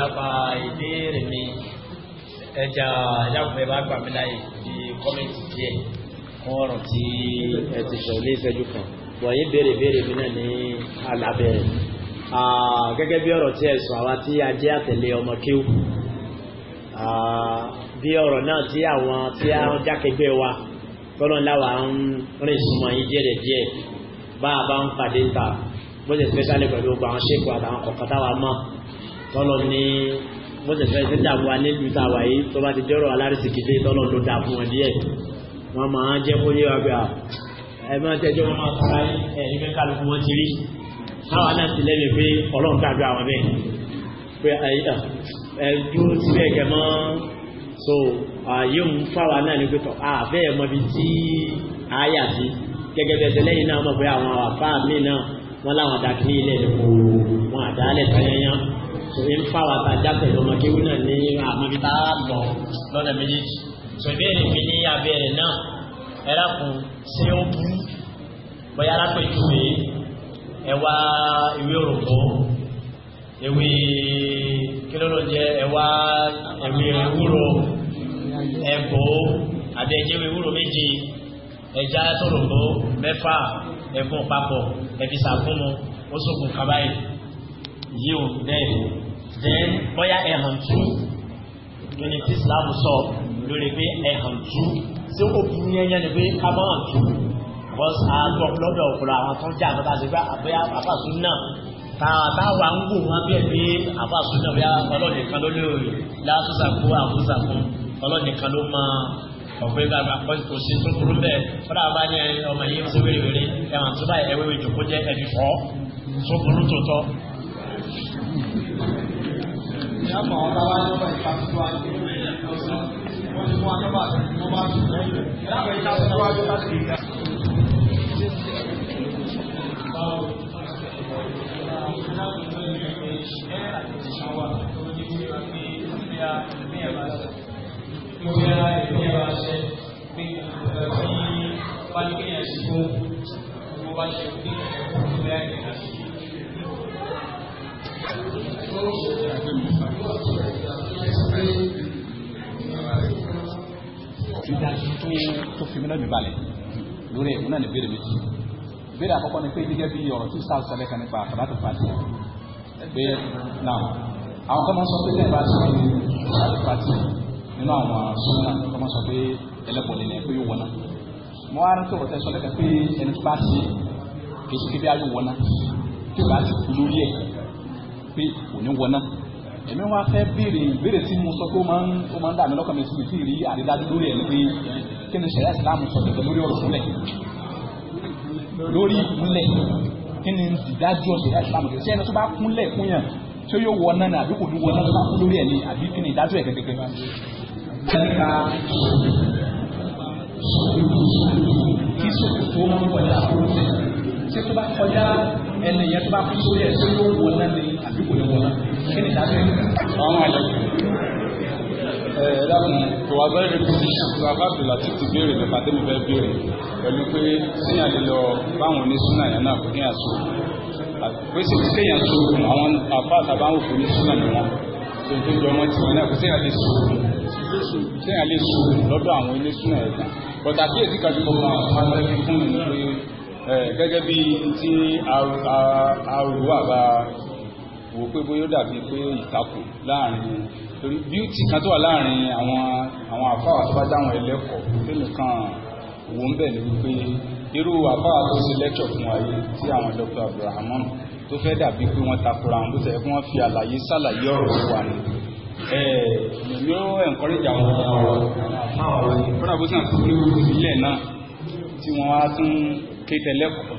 lápá ìbéèrè mi ẹja yàgbẹ́ bá gbà mí láyè bí kọ́mẹ́ntì díẹ̀ fún ọ̀rọ̀ tí ẹ ti sọ ilé ìṣẹ́jú kan wọ̀nyí béèrè béèrè mi náà ní alábẹ́rẹ́ gẹ́gẹ́ bí ọ̀rọ̀ tí ẹ sọ àwa tí a jẹ́ àtẹ̀lé ọmọ kéwù bí ọ̀rọ̀ náà tí àwọn tí a jákègbè wa tọ́lọ́láwà ń rìn súnmọ́ yín díẹ̀ díẹ̀ bá a bá ń pàdé ta bó ṣe especially pẹ̀lú gbogbo àwọn ṣèkù àtàwọn kọ̀ọ̀kan táwa mọ́ tọ́lọ ní mọ́sẹ̀fẹ́ tó dàbò wa nílùú tá a wà yìí tó bá ti dẹ́rọ̀ alárísìkì dé tọ́lọ ló dà fún wọn díẹ̀ wọ́n máa jẹ́ kó yé wa gbà ẹ máa tẹ́jọ́ wọn máa tara ẹ̀yìn mẹ́ka lóko wọn ti rí káwa náà ti lẹ́nu pé ọlọ́run kájọ àwọn bẹ́ẹ̀ pé ẹ dúró síbẹ̀ kẹ́ mọ́ so yóò ń fáwa náà ní pẹ́tọ̀ àbẹ́ẹ̀ mọ́bi tí àáyà sí gẹ́gẹ́ bẹ́ẹ̀ tẹ́lẹ́yìn náà mọ̀ pé àwọn àfáà míì náà wọ́n láwọn àdàkí ilẹ̀ ìdìbò sòrí fáwọn àtàjà pẹ̀lú ọmọ kéwú náà ní àmọ́bí tá a lọ lọ́nà méjèèjì sòbéèrè mi ní abẹ́rẹ́ náà ẹ dákun ṣé ó burú bóyá alápèjúwe ẹ wá ìwé òròbó ewé kílólójẹ ẹ wá ewé ewúro ẹbọ àbẹjẹwé ewúro méje ẹja sòròbó mẹ́fà ẹbùn papọ̀ ẹbí sàkúnmu ó sókun kaba yìí yíò dẹ́yìn then bóyá ẹ̀hàn tú lórí tí Islam sọ lórí pé ẹ̀hàn tú tí ó kú ní ẹyẹ ni pé kábọ̀n tú because àgbọ̀ lọ́dọ̀ ọ̀pọ̀lọ̀ àwọn tó ń jẹ́ àgbọ̀tà sí pé àbẹ́yà àfàṣù náà tààtàwà ń gùn wọn bí ẹbí àfàṣù náà bí ọlọ́nìkan ló lóore lásùsàkó àfúsàkó ọlọ́nìkan ló máa ọ̀pẹ́ gbàgbà kò sí tó burú bẹ́ẹ̀ fúnra bá ní ọmọ yìí ń ṣe wéréwéré ẹ̀wọ̀n tó báyìí ẹ̀wéwé jòkó jẹ́ ẹ̀dùfọ́ tó burú tó tọ́ ìyàpọ̀ àwọn táwa ní ọba ìfàsíwá wọn ni wọn nọ́mbà wọn bá sùn lẹ́yìn ìyàpọ̀ ìfàsíwá tó bá sì gbà. Mo yára ìgbéyàwó àṣẹ pé ìdájú tó fi mílíọ̀nù balẹ̀ lórí ẹ̀kún náà ní béèrè méjì béèrè àkọ́kọ́ ni pé gẹ́gẹ́ bí ọ̀rọ̀ tí sáà sọ lẹ́ka nípa àfàdátò pàtì pé náà àwọn kan máa sọ pé lẹ́ẹ̀bá sí àfàdátò pàtì nínú àwọn sọ́nà kan máa sọ pé ẹlẹ́bọ̀n nílẹ̀ pé yóò wọ̀nà mo wá rántí ọ̀rọ̀ tẹ́ sọ lẹ́ka pé ẹni tó bá sí kìí ṣe kébí ayé wọ̀nà tí ó bá ti kú lórí ẹ̀ pé òní wọná èmi wá fẹ́ béèrè ìbéèrè tí mo sọ pé ó máa ń ó máa ń dà mí lọ́kàn mi sí mi sí rí àrídájú lórí ẹ̀ pé kí ni sẹ̀yà ìsìlámù sọ tẹ̀tẹ̀ lórí ọ̀rọ̀ fúnlẹ̀ lórí ìkúnlẹ̀ kí ni ìdájọ́ sẹ̀yà ìsìlámù kì í ṣe ẹni tó bá kúnlẹ̀ kúnyàn tí ó yóò wọ náà àbí kò ní wọ náà tó bá kú lórí ẹ̀ ni àbí kí ni ìdájọ́ ẹ̀ kẹ̀kẹ́ kí sòkòtò máa ń wọlé àkókò ṣé tó bá kọjá ẹni yẹn tó bá kú sórí ẹ̀ tó yóò wọ náà ni àdúgbò lọ́wọ́ náà kí ni dájú àwọn àlejò ẹ̀ẹ́dàkùn tó wà bẹ́ẹ̀ rẹpùtíṣàn tó wà bá bìlà tí ti béèrè lọ́pàá tẹ́mi fẹ́ béèrè pẹ̀lú pé síyàn lè lọ báwọn oníṣúná yẹn náà fún yàn sóògùn pé sì kéèyàn sóògùn àwọn àbá àtàbáwò fún oníṣúná ni wọn tó tó jọ ọmọ tiwọn náà kó síyàn lè sóògùn síyàn lè sóògùn lọ́dọ̀ àwọn oníṣúná yẹn kan bọ̀dà kí èsì kan jùlọ máa fẹ́ fún mi pé gẹ́gẹ́ bí ti àrùwà bá wò pé bóyá ó dàbí pé ìtakò láàrin torí bíútì kan tó wà láàrin àwọn àwọn àfáà tó bá dáwọn ẹlẹ́kọ̀ọ́ tẹ́lẹ̀ kan wò ń bẹ̀ ní wípé irú àfáà tó ṣe lẹ́kṣọ̀ fún wa yìí tí àwọn Dr. Abdulrahman tó fẹ́ dàbí pé wọ́n takora àwọn bó ṣe kí wọ́n fi àlàyé sàlàyé ọ̀rọ̀ wa ni èmi ó encourage àwọn àfáà wa yìí fúnra bó sàn sí ilé náà tí wọ́n wá tún kéte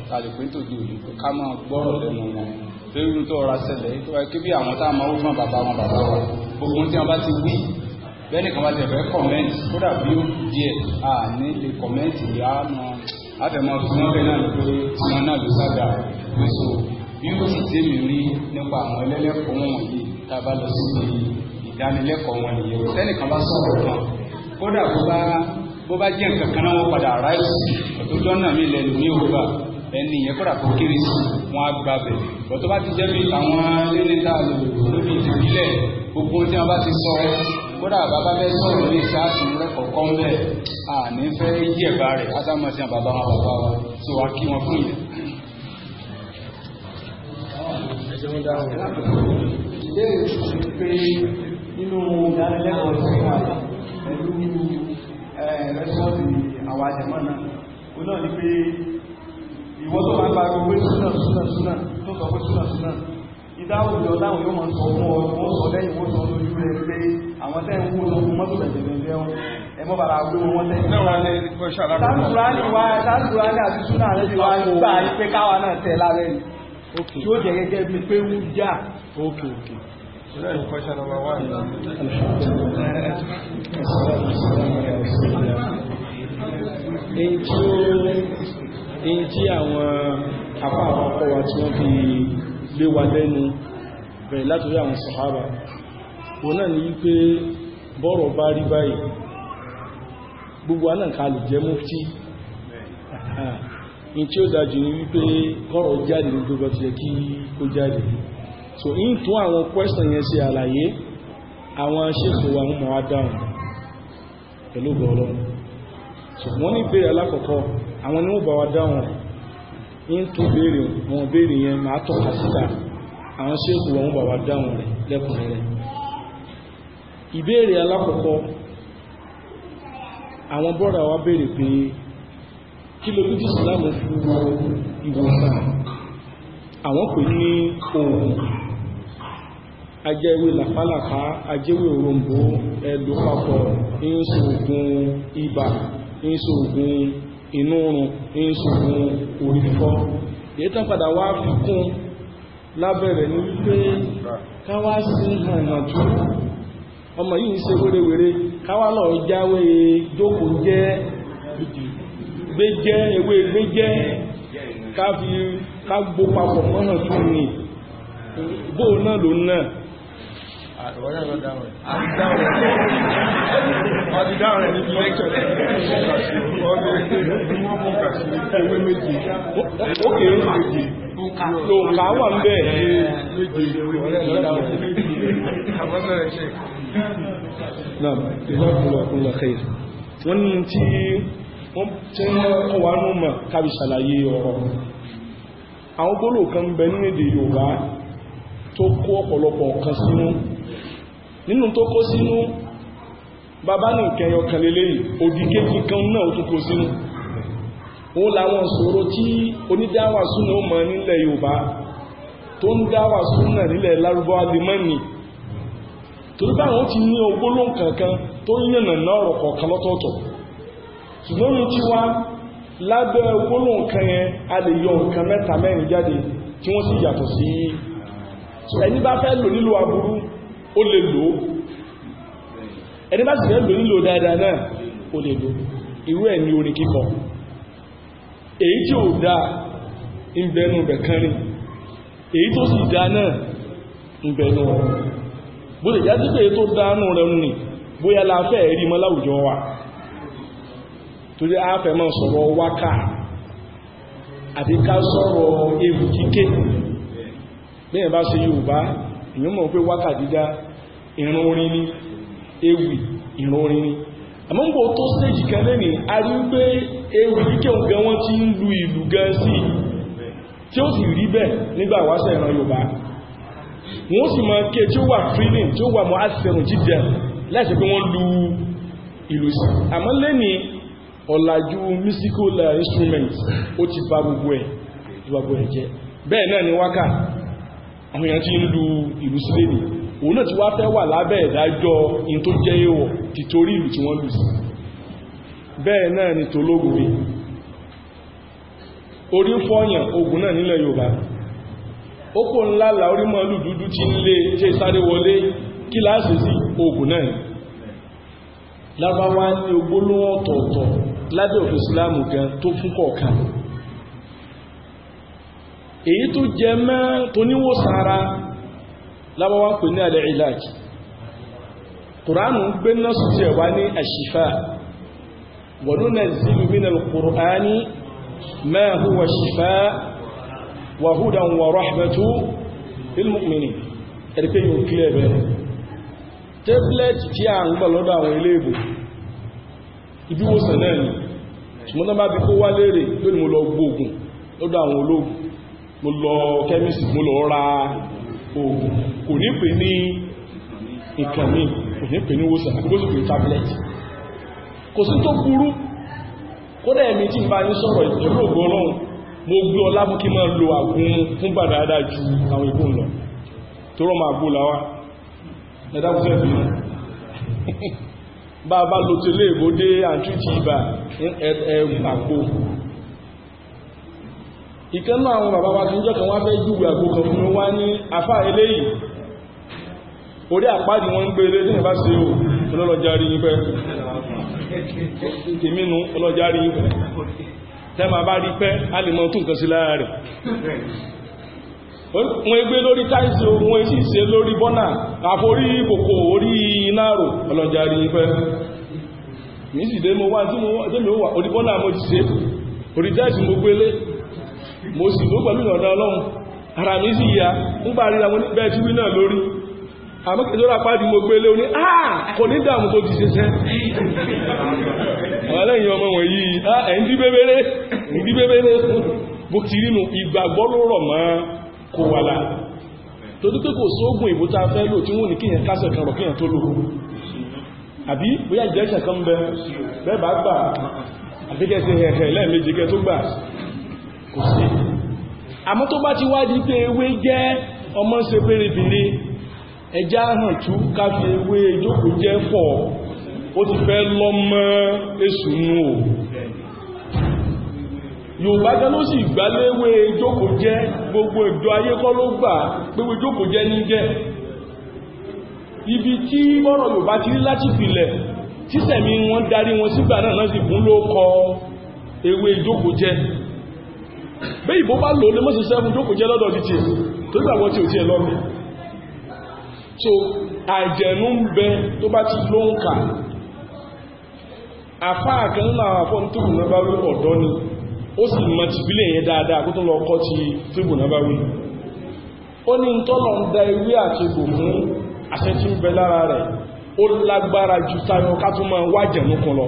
tàbí pé tòjú òyìnbó ká máa gbọ́rọ̀ lẹ́nu wọn lórí tó ọ̀rọ̀ àṣẹlẹ̀ tó wáyé bí àwọn tá a máa fún bàbá wọn bàbá wa gbogbo tí wọn bá ti wí bẹ́ẹ̀ nìkan bá ti kódà bí ó díẹ̀ à ní lè yá mọ́ fún wọn bẹ́ẹ̀ náà ló pé náà ló bí ó sì mi nípa àwọn ẹlẹ́lẹ́kọ̀ọ́ wọn yìí tá a bá lọ sí ẹni yẹn kọ́ra kó kéré sí wọn á gba bẹ̀ bọ́ tó bá ti jẹ́ bí àwọn lẹ́nìtà lóbi ìdílé gbogbo tí wọn bá ti sọ kódà bàbá fẹ́ sọ̀rọ̀ ní ìsáàtún rẹ́kọ̀ọ́ kọ́ bẹ́ẹ̀ àní fẹ́ yẹ̀bá rẹ̀ ásámọ̀ sí àbàbá wọn bàbá wa tó wá kí wọn fún yẹn. ìbéèrè ti pé nínú ìdánilẹ́kọ̀ọ́ sí wa pẹ̀lú ẹ̀rẹ́sọ́ọ̀tì àwọn àjẹmọ́ náà ó náà ní pé ìwọ́n tó máa gba gbogbo súnà súnà súnà tó sọ pé súnà súnà ìdáhùn ìjọ táwọn yóò máa sọ fún ọ wọ́n sọ lẹ́yìn wọ́n sọ lójú rẹ̀ pé àwọn tẹ́ ń kó lọ fún mọ́tò bẹ̀rẹ̀ lẹ́yìn wọn ẹmọ́ bàrà gbé wọn tẹ́ sáàkùránì wá sáàkùránì àti súnà rẹ̀ ti wá gbà pé káwa náà tẹ̀ lárẹ́ ni tí ó jẹ́ gẹ́gẹ́ bí pé wú já okay okay Question number one. Thank you in tí àwọn apá àwọn ọkọ̀ wa tí wọ́n fi lé wa lẹ́nu bẹ̀rẹ̀ látòrí àwọn sàhábà wọn náà ni wípé bọ́rọ̀ bá rí báyìí gbogbo anáà ká lè jẹ́ mufti in tí ó dájú ní wípé kọ́rọ̀ jáde ní gbogbo ti kí ó jáde so in tún àwọn question yẹn ṣe àlàyé àwọn ṣètò àwọn mọ̀ adáhùn pẹ̀lú ọ̀rọ̀ ọlọ́run ṣùgbọ́n ní ìbéèrè alákọ̀ọ́kọ́ àwọn ni wọ́n bá wa dáhùn rẹ̀ ń tó béèrè wọn béèrè yẹn máa tọ́ka síta àwọn ṣéèkù wọn bá wa dáhùn rẹ̀ lẹ́kùnrin rẹ̀ ìbéèrè alákọ̀ọ́kọ́ àwọn bọ́dà wa béèrè pé kí ló lójú ìsìlámù fún ìwòsàn àwọn pè ní oògùn ajẹ́wé làpálàpá ajẹ́wé òròǹbó ẹlò papọ̀ ní oògùn ibà ìṣògùn inú oorun ìṣògùn orí fífọ́ èyí tán padà wá fi lábẹ̀rẹ̀ ní wípé káwá sí àyànjú ọmọ yìí ń ṣe wérewère káwá lọ jáwé jókòó jẹ́ ewé Àwọn náà lọ dáhùn rẹ̀. Àti dáhùn rẹ̀. Ọdí dáhùn rẹ̀ níbi lẹ́kṣọ̀ rẹ̀. Ọdí ẹgbẹ́ wọn mú kà sí ewé méje. Ó kéré méje. Lò ká wà ń bẹ̀ méje. Ọ̀rẹ́ lọ dáhùn rẹ̀. Àwọn náà rẹ̀ ṣe. Náà, ìwádìí ọkùn lọ kẹ́ wọ́n ní tí wọ́n tí wọ́n kọ́ wa nù mọ̀ kábi ṣàlàyé ọ̀rọ̀ àwọn gbólóò kan bẹ nínú èdè Yorùbá tó kó ọ̀pọ̀lọpọ̀ kan sínú nínú tó kó sínú bàbá ní ìkẹyọ kẹlẹ̀lẹ́ òdìkéjì kan náà tó kó sínú ó láwọn ṣòro tí onídáwà súnà ó mọ̀ nílẹ̀ Yorùbá tó ń dáwà súnà nílẹ̀ lárúbọ́ alimọ́ni torí báwọn ti ní ogbóló kankan tó yànnà náà ọ̀rọ̀ kọ̀ọ̀kan lọ́tọ̀ọ̀tọ̀ ṣùgbọ́n ní tí wá lábẹ́ ogbóló nǹkan yẹn a lè yọ nǹkan mẹ́ta mẹ́rin jáde tí wọ́n sì yàtọ̀ sí ẹni bá fẹ́ lò nílò aburú ó lè lò ó ẹni bá sì fẹ́ lò nílò dáadáa náà ó lè lò irú ẹ̀ ní orin kíkọ èyí tí ò dá ìbẹnu bẹ̀kan rí èyí tó sì dá náà ìbẹnu ọ̀rọ̀ bó lè já sí tó dánú rẹ̀ ní bóyá láfẹ́ rí mọ́ láwùjọ wa tó jẹ́ mọ́ sọ̀rọ̀ wákà àti ká sọ̀rọ̀ ewu kíké bẹ́ẹ̀ bá ṣe Yorùbá èyí mọ̀ pé wákà dídá ìrún orin ní ewì ìrún orin ní àmọ́gbò tó stage kan lẹ́ni a rí pé ewì kíkẹ́ ògán wọ́n ti ń lu ìlú gan sí tí ó sì rí bẹ́ẹ̀ nígbà wáṣẹ̀ ìran Yorùbá wọ́n sì máa ké tí ó wà freedom tí ó wà mọ́ àṣẹrùn jíjẹ láìsí pé wọ́n lu ìlú sí àmọ́ lẹ́ni ọ̀làjú musical instruments ó ti bá gbogbo ẹ̀ gbogbo ẹ̀ jẹ́ bẹ́ẹ̀ náà ni wákà àwọn èèyàn ti ń lu ìlú sílẹ̀ nìí òun náà ti wá fẹ́ wà lábẹ́ ìdájọ́ in tó jẹ́ ti torí ìlú tí wọ́n lù sí bẹ́ẹ̀ náà ni tológun rí orí fọ́yàn ogun náà nílẹ̀ Yorùbá ó kò ńlá orí mọ́ mọ́lù dúdú tí ń lé sáré wọlé kí sí ogun náà lábáwá ní ọ̀tọ̀ọ̀tọ̀ lábọ́wá pè ní alẹ́ ìlàjì kùránù gbé nọ́sù tí ẹ̀wà ní àṣìfà wa nunazzilu minal qur'ani ma huwa shifaa wa hudan wa rahmatu lil mu'minin ẹ̀rẹ́fẹ́ yóò kílẹ̀ bẹ̀rẹ̀ tablet tí a ń gbà lọ́dọ̀ àwọn ilé oògùn kò ní pè ní ìkànnì kò ní pè ní wòsàn àti gbóṣù pé tablet kò sí tó burú kódà ẹ̀mí tí bá ní sọ̀rọ̀ ìpẹ̀lú ògbò ọlọ́run mo gbé ọlá mú kí lo àgún fún bàdáadá ju àwọn ìgbò lọ tó rọ máa gbó láwá ẹ̀dàkùnfẹ́ bí bá bá lo tẹ́lẹ̀ ìbòdé àtúntì ibà ẹ̀rùn àpò ìkan náà àwọn bàbá wa jọ kan wá fẹ́ júwe àgbo fún wa ní afá eléyìí orí àpáàdì wọn ń gbé ilé tí ìbá o ọlọ́lọ́járí yín pẹ́ tèmínú ọlọ́járí yín pẹ́ tẹ́mà bá rí pẹ́ a lè mọ́ tún nǹkan sí lára rẹ̀ ori naro, mi sì dé mo wá tí wà orí bọ́nà mo orí mo sì ló pẹ̀lú ìrọ̀dá ọlọ́run ara mi ya ń gbà rí àwọn oníbẹ̀ tí wí mo gbélé e oní àà kò ní dààmú tó ti ṣeṣẹ́ ọmọ wọ̀nyí ẹ̀ndí bébéré ẹ̀ndí bébéré bó ti rínú ìgbàgbọ́ ló rọ̀ mọ́ kò wà láà kò sóògùn ìbò a fẹ́ lò tí wọ́n ní kíyàn kásẹ̀ kan rọ̀ kíyàn tó lò àbí bóyá kò sí àmọ́ tó bá ti wá di pé ewé jẹ́ ọmọ ṣe pérébìnrin ẹjá hàn tú ká fi ewé ìjókòó jẹ́ fọ̀ ó ti fẹ́ lọ́mọ èṣù nù o yorùbá gan ló sì gbáléwé ìjókòó jẹ́ gbogbo ìjọ ayé kọ́ ló gbà gbogbo ìjókòó jẹ́ ní jẹ́ ibi tí ọ̀rọ̀ yorùbá ti rí láti filẹ̀ títẹ̀mí wọn darí wọn sígbà náà náà sì fún ló kọ ewé ìjókòó jẹ́ bẹ́ ìbò bá lò ní mọ́sí sẹ́fún tó kò jẹ́ lọ́dọ̀ títí tó gbàgbọ́ tí ò tí ẹ so àjẹ̀nú ń bẹ tó bá ti ló ń kà àfáà kan náà àfọ́ tó ni ó sì mọ̀ ti bílẹ̀ yẹn dáadáa kó tó lọ kọ́ ti bá wí ó ní tọ́lọ̀ ń da ewé àti egbò fún àṣẹ tí ń bẹ lára rẹ̀ ó ju ká tó máa wájẹ̀nú kan lọ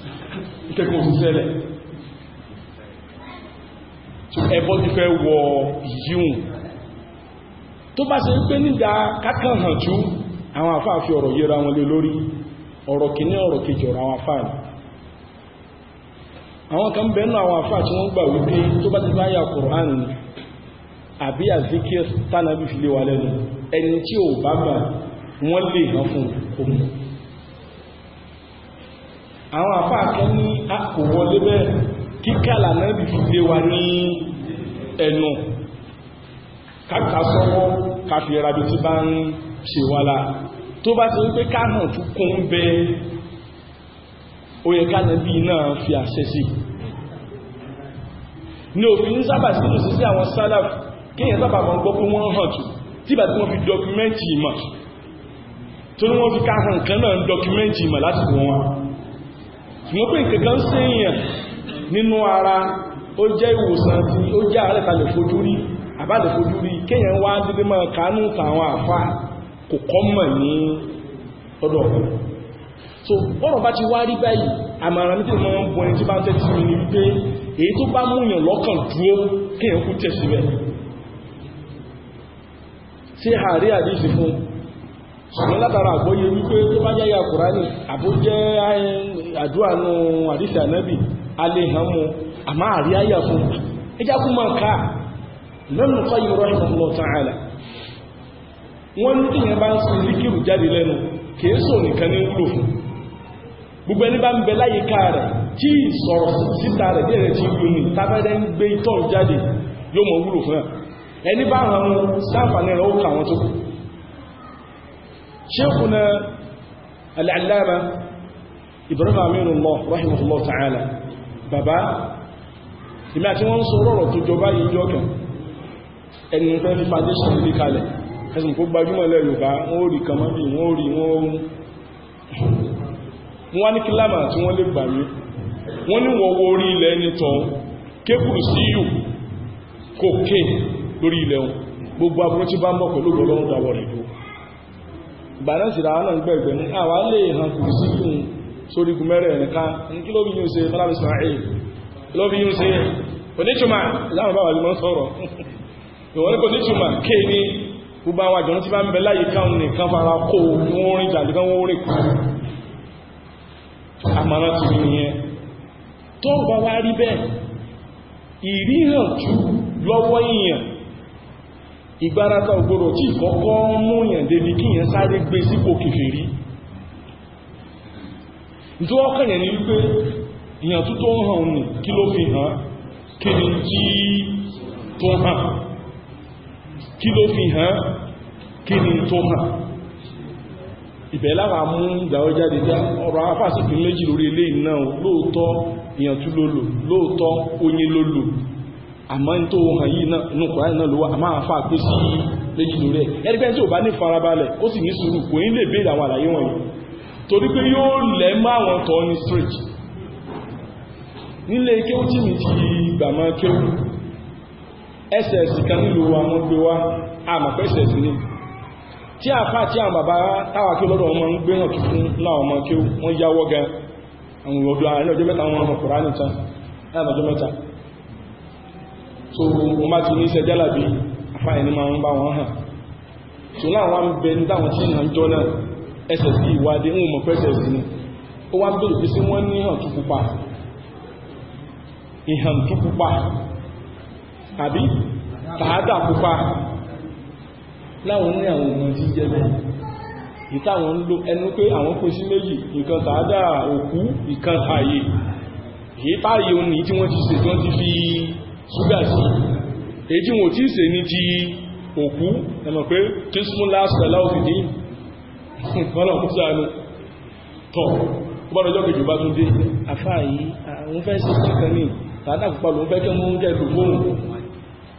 ìkẹ́kọ̀ọ́ òṣìṣẹ́lẹ̀ ẹbọ́ ti fẹ́ wọ yíun tó bá ṣe pé nígbà kákan hàn tú àwọn àfáà fi ọ̀rọ̀ yẹra wọn lé lórí ọ̀rọ̀ kìíní ọ̀rọ̀ kejì ọ̀rọ̀ àwọn àfáà ni àwọn kan bẹ̀ẹ́nù àwọn àfáà tí wọ́n gbà wípé tó bá ti àbí àzíkíẹ́ tánàbí fi lé wa lẹ́nu ẹni tí àwọn àfáàkẹ́ ní kò wọlé bẹ́ẹ̀ kíkàlà náà bí fi wa ní ẹnu káàkà sọ́wọ́ káfí ẹ̀rabì tí bá ń ṣe wà láà tó bá ti wípé káàkàn tún kún bẹ ó yẹ káàkàn bí náà fi àṣẹ sí ní òfin sábà sí ní sí àwọn sálàf kíyàn sábà mọ́ gbọ́ pé wọ́n hàn tù tí bá wọ́n fi dọkumẹ́ntì ìmọ̀ tó ní wọ́n fi káàkàn kan náà dọkumẹ́ntì ìmọ̀ láti wọ́n yóò pé ìkẹ̀kẹ́ ń ṣe èèyàn nínú ara ó jẹ́ ìwòsàn tí ó jẹ́ àárẹ̀ ta lè fojú rí àbá fojú rí kéèyàn wá dídé máa kánú tàwọn àfà kò kọ́ mọ̀ ní ọdọ̀ so bọ́rọ̀ bá ti wá rí báyìí àmàrà ní tí wọ́n ń bọ́ ẹni tí bá ń tẹ́tí mi ní wípé èyí tó bá múyàn lọ́kàn àdúrà nù àdìsí ànábì alẹ́ hàn mú àmọ́ àrí ayà fún ẹjá kú mọ̀ ká lọ́nà kọ́ yìí rọ́ ìmọ̀ lọ tààlà wọ́n ní ìyẹn bá ń sọ ìlíkìrù jáde lẹ́nu kìí sọ nìkan ní wúlò fún gbogbo ẹni bá ń bẹ láyé ká rẹ̀ tí sọ̀rọ̀ síta rẹ̀ bí ẹ̀rẹ̀ ti wú ni tábẹ́rẹ́ ń gbé ìtọ́ jáde yóò mọ̀ wúlò fún ẹni bá hàn mú sáǹfààní rẹ̀ ó kà wọn tó kù ṣékùnà al-allama Ibrahim Aminullah rahimahullah ta'ala bàbá ìmẹ́ àti wọ́n ń sọ rọ̀rọ̀ tó jọba yìí jọ kan ẹni fẹ́ fi foundation lè kalẹ̀ ẹ̀sùn kó gbajúmọ̀ lẹ́ Yorùbá wọ́n rí kan mọ́bí wọ́n rí wọ́n wá ní kílámà tí wọ́n lè gbà mí wọ́n ní wọ́n wo orí ilẹ̀ ẹni tọ́ kébùrù lórí ilẹ̀ wọn gbogbo aburú tí bá mọ̀ pẹ̀lú ọlọ́run dáwọ̀ rẹ̀ dúró ìgbà ra àwọn náà gbẹ̀gbẹ̀ ní àwa lè hàn kùrù sí yù sórí gùnmẹ́rẹ̀ ẹ̀nìká kí ló bí yíò ṣe mọ́lábí Ismail ló bí yíò ṣe onítùmá láàrín bá wà lè mọ́ sọ́rọ̀ ìwọ̀n kò nítùmá ké ní gbogbo àwọn àjọ̀nà tí bá ń bẹ láyé káwọn nìkan fara kó wọ́n rìn jàdí kan wọ́n rìn àmàrà ti rí nìyẹn tó bá wá rí bẹ́ẹ̀ tó ọkàn yẹn ni wípé ìyàn tó tó ń hàn ní kí ló fi hàn kí ni tí tó hàn kí ló fi hàn kí ni tó hàn ìbẹ̀ lára mú ìdáwọ́jáde já ọ̀rọ̀ afásitì méjì lórí ilé náà lóòótọ́ ìyàn tó lòlò lóòótọ́ oyin lòlò àmọ́ tó hàn yìí náà kòrán náà ló wà máa méjì lórí ẹ̀ tí ò bá ní farabalẹ̀ ó sì ní sùúrù kò ní lè béèrè àwọn àlàyé wọ̀nyí torí pé yóò le mọ́ àwọn tọ́ ní street nílé kéwú tí mi ti gbàmọ́ kéwú ss kan nílò àwọn gbé wá àmọ̀pẹ́ ss ní tí àfá àti àwọn bàbá táwà kí olóòrò ọmọ ń gbé hàn kí fún ọmọ kí wọ́n yáwọ́ gan àwọn ọdún àárín ọjọ́ mẹ́ta wọn ọmọ kùránì tán láàbàjọ́ mẹ́ta tó wọ́n bá ti ní iṣẹ́ jálàbí àfá ẹni máa ń bá wọn hàn ssb ìwádìí ń mọ̀ pẹ́sẹ̀sì ni ó wá bèèrè pé sí wọ́n ní ìhàn tó pupa ìhàn tó pupa àbí tààdà pupa láwọn ní àwọn ogun tí jẹ́ bẹ́ẹ̀ ìtàwọn ló ẹnu pé àwọn kò sí méjì nǹkan tààdà òkú nǹkan tààyè èyí tààyè òní tí wọ́n ti ṣe tí ti fi ṣúgà sí èyí tí wọ́n ti ṣe ní ti òkú ẹ̀mọ̀ pé kí súnmọ́ lásìkò láwọ́ fìdí kọ́lọ̀ kú sáàánú tọ̀ ó bá rọjọ́ kejì bá tún dé afá yìí àwọn fẹ́ sí kíkan ní tààdà púpá ló fẹ́ kẹ́ mú jẹ́ ìlú mọ́hùn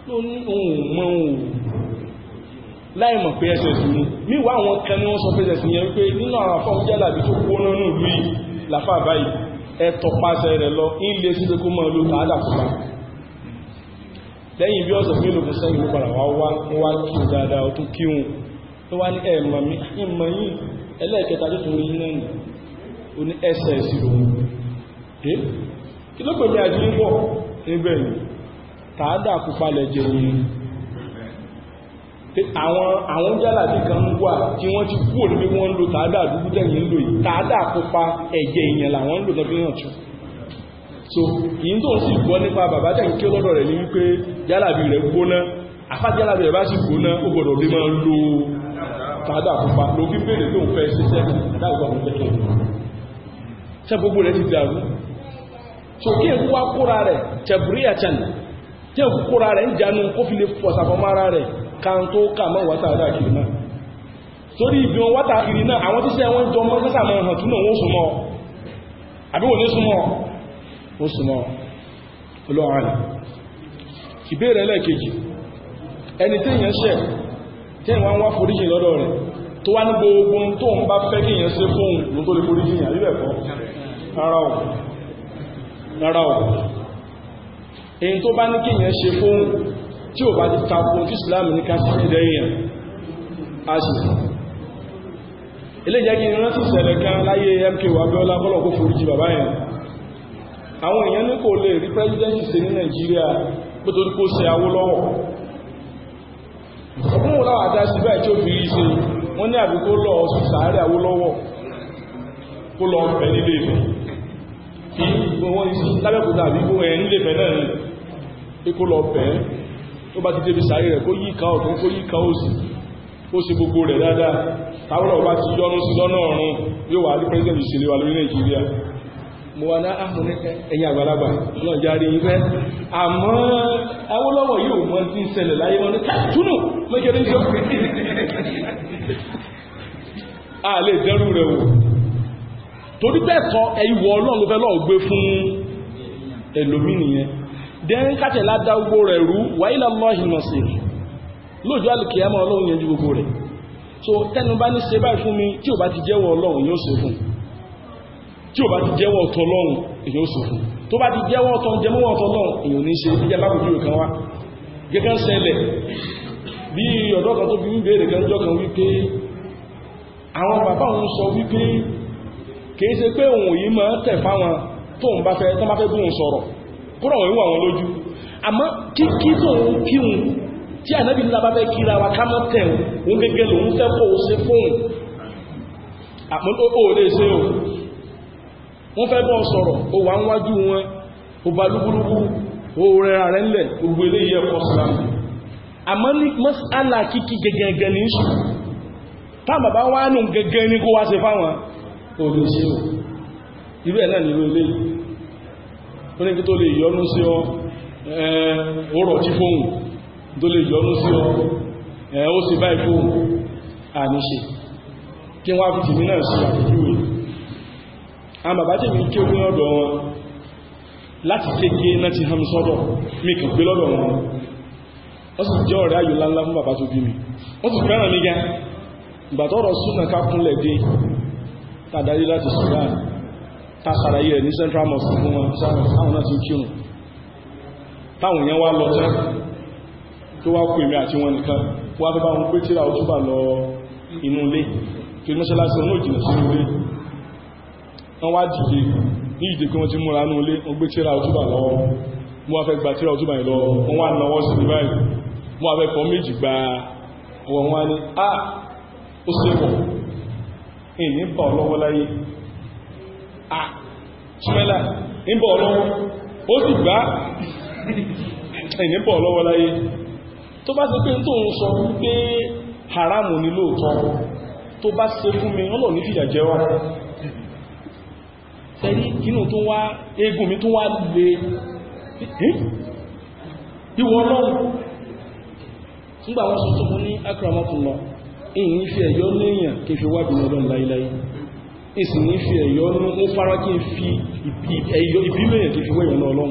ló ní ohun mọ́hùn láìmọ̀ pé ẹsẹ̀ sí ni níwá àwọn kan ní wọ́n sọ pé ẹsẹ̀ yẹn wípé nínú àwọn afọ́ jálàbí tó kó nínú ìlú yìí làfà báyìí ẹ tọpasẹ̀ rẹ̀ lọ ilé sí pé kó mọ́ ló tààdà púpá lẹ́yìn bí ọ̀sẹ̀ mélòó kan sẹ́yìn ló padà wá wá kí ó dáadáa ó tún tó wá ní ẹ̀mọ̀ mi ìmọ̀ yìí ẹlẹ́ẹ̀kẹta tó tún rí náà nì o ní ẹsẹ̀ ìsìrò ẹ́ kí ló pẹ̀lú àjí pọ̀ níbẹ̀ ni tààdà kò falẹ̀ jẹ yìí àwọn àwọn jálà bí kan wà tí wọ́n ti kú olóbi wọ́n ń tààdà dúdú tẹ̀yìn ń lò yìí tààdà kò pa ẹ̀jẹ̀ èèyàn làwọn lò lọ́bí náà tún so yìí tó ń sì gbọ́ nípa bàbá tẹ̀yìn kí ọlọ́dọ̀ rẹ̀ ní wípé jálà bí rẹ̀ gbóná afájálà bí rẹ̀ bá sì gbóná ó gbọ́dọ̀ lè máa lo kàádà pupa ló bí bèèrè tó ń fẹ́ ṣiṣẹ́ láìpọ̀ ní jẹ́kẹ́ wátà kiri náà àwọn tíṣẹ́ wọn jọ mọ́ sẹ́sàmọ́ hàn túnà wọn súnmọ́ àbí ní súnmọ́ ó súnmọ́ olóòrán ìbéèrè ẹlẹ́ẹ̀kejì ẹni tí èèyàn tí wọ́n wá foríjì lọ́dọ̀ rẹ̀ tó wá ní gbogbo tó ń bá fẹ́ kí èèyàn ṣe fóun ló tó lè foríjì yàn lílẹ̀ kọ́ rárá ọ̀ èyí tó bá ní kí èèyàn ṣe fóun tí ò bá ti tako tí Islam ní ká sí ìdẹ́yìn a sì ilé jẹ́ kí ìrántí ìṣẹ̀lẹ̀ kan láyé MK Abiola bọ́lọ̀ kó foríjì bàbá yẹn àwọn èèyàn ní kò lè rí pẹ́sidẹ́ntì fún wọn láwà dá sí bẹ́ẹ̀ tí ó fi rí ṣe wọ́n ní àbí kó lọ sí sàárẹ̀ Awólọ́wọ̀ kó lọ bẹ̀ nílé ìfẹ́ kí wọ́n ní lábẹ́kúta àbí kó ẹ̀ nílé ìfẹ́ náà ni pé kó lọ bẹ̀ tó bá ti débi sàárẹ̀ rẹ̀ kó yíká ọ̀tún kó yíká mo wà náà áhùn ní ah, ẹ̀yìn àgbàlagbà náà járe ìfẹ́ àmọ́ Awólọ́wọ̀ yóò mọ́ tí ń ṣẹlẹ̀ láyé wọn ní túnù mẹ́jẹ́ ní ṣe ọ̀pẹ́ a lè dẹ́rù rẹ̀ wò torí tẹ́ẹ̀kọ́ ẹ̀yìnwọ̀ ọlọ́run fẹ́ lọ́ọ̀ gbé fún ẹlòmí nìyẹn dẹ́rin kàtẹ̀ ládá gbogbo rẹ̀ so tẹ́nu bá ní ṣe báyìí fún mi tí ò bá ti tí ò bá ti jẹ́wọ́ ọ̀tọ̀ lọ́run èyàn sọ fún tó bá ti jẹ́wọ́ ọ̀tọ̀ jẹmọ́wọ́ ọ̀tọ̀ lọ́run èyàn ní ṣe ìjẹ́ lábùjú kan wá gẹ́gẹ́ ṣẹlẹ̀ bí ọ̀dọ́ kan tó bí wíbèèrè gẹ́jọ́ kan wípé àwọn bàbá òun sọ wípé kìí ṣe pé òun yìí máa tẹ̀ fáwọn tó ń bá fẹ́ tán bá fẹ́ bí òun sọ̀rọ̀ kúrò òun wà wọn lójú àmọ́ kíkí tó ń kíhun tí ànábì ńlá bá fẹ́ kíra wa ká mọ́ tẹ̀ òun gẹ́gẹ́ lòun fẹ́ kó o ṣe fóun àpótó ó lè ṣe òun wọ́n fẹ́ bọ́ sọ̀rọ̀ ó wà ń wájú wọn ó bá lúgbúrúgbú ó rẹra rẹ̀ ńlẹ̀ gbogbo eléyìí ẹ̀kọ́ sàmì àmọ́ ní mọ́sálà kíkí gẹ́gẹ́gẹ́ ní ṣù bàbá wá nù gẹ́gẹ́ ní kó wá ṣe fáwọn olóṣè ò náà ilé àwọn bàbá tí mi kí ó ní ọ̀dọ̀ wọn láti kéèké náà ti hàn sọ́dọ̀ mi kàn gbé lọ́dọ̀ wọn wọ́n sì jẹ́ ọ̀rẹ́ ayò láńlá fún bàbá tó bí mi wọ́n sì fẹ́ràn mi ga ìgbàtọ́rọ̀ súnà ká kúnlẹ̀ dé tàdáyé láti Sudan tásàràyé rẹ̀ ní Central Mosque fún wọn sáwọn láti kírùn táwọn èèyàn wá lọ tán tó wá kú èmi àti wọn nìkan wá tó bá wọn pé tíra ọtúbà lọ inú ilé tó mọ́ṣáláṣí wọn ò jìnà sí ilé wọ́n wá dìde ní ìdè kí wọ́n ti múra ní ilé wọ́n gbé tíra ọtúbà lọ́wọ́ mú wá fẹ́ gba tíra ọtúbà yìí lọ́wọ́ wọ́n wá náwọ́ sí ní báyìí mú wá fẹ́ kọ́ méjì gba wọ́n wá ní a ó sì pọ̀ èyí ń bà ọlọ́wọ́ láyé a ṣẹlá ń bà ọlọ́wọ́ ó sì gbá èyí ń bà ọlọ́wọ́ láyé tó bá ti pé tó ń sọ wípé haramu ni lóòótọ́ tó bá ṣe fún mi ọlọ́ọ̀ ní fìyà jẹ wá tẹ́rí kínú tó wá eégún mi tó wá lè ìwọ̀ ọlọ́run nígbà wọ́n sọ́tọ̀ fún ní akramatullah ìyìn ẹ̀yọ́ léèyàn kí fi wábi ọlọ́run láíláí ìsì ẹ̀yọ́ ní ó fara kí fi fi wẹ́yàn ọlọ́run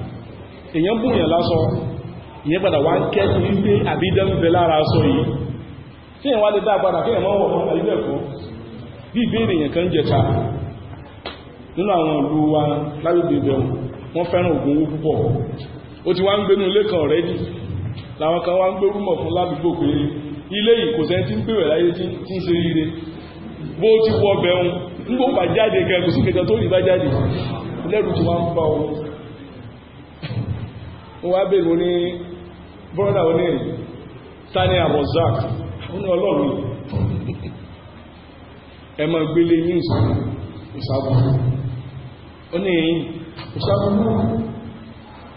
èyàn búyàn lásọ ìyẹn padà wá ń kẹ́kù wípé àbídán bẹ lára sọ yìí tí èyàn wá lè dá padà kí èyàn wọ̀ fún ẹ̀kọ́ bí ìbéèrè èyàn kan jẹta nínú àwọn ìlú wa lágbègbè fẹ́ràn ògùn owó púpọ̀ ó ti wá ń làwọn kan wá ń fún ládùúgbò ilé yìí kò sẹ́ni tí ń pèrè láyé tí ń ṣe ire bó ti jáde lẹ́rù wá bèèrè mo ní bọ́ọ̀dà onírìn tani abozak ní ọlọ́run ẹ máa gbélé ní ìsàbùn ó ní ìsàbùn náà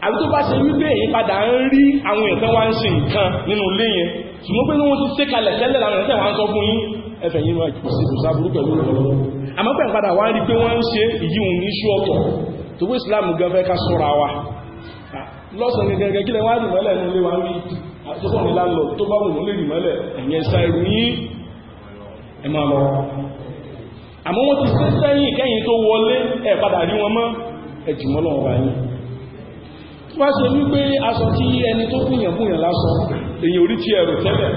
àbí tó bá ṣe wípé èyí padà ń rí àwọn èèyàn wá ń ṣe nǹkan nínú ilé yẹn ṣùgbọ́n pé wọ́n ti ṣe kalẹ̀ tẹ́lẹ̀ láwọn èèyàn wá ń sọ fún yín ẹfẹ̀ yìí máa jù sí ìsàbùn pẹ̀lú ọlọ́run àmọ́ pẹ̀ padà wá rí pé wọ́n ń ṣe ìyíhun ní ṣú ọ̀tọ̀ lọ́sàn gẹ́gẹ́ kílẹ̀ wá rì mọ́lẹ̀ ní ilé wa rí àtúkọ̀ ní lálọ́ tó bá wùn lè rì mọ́lẹ̀ ẹ̀yẹn ẹ̀sà ìrù yín ẹ máa lọ àmọ́ wọ́n ti sẹ́ sẹ́yìn kẹ́yìn tó wọlé ẹ̀ padà rí wọn mọ́ ẹ̀jùmọ́ lọ́wọ́ bá yín tó bá ṣe wípé aṣọ tí ẹni tó fúnyàn fúnyàn lásọ èyàn orí tí ẹrù tẹ́lẹ̀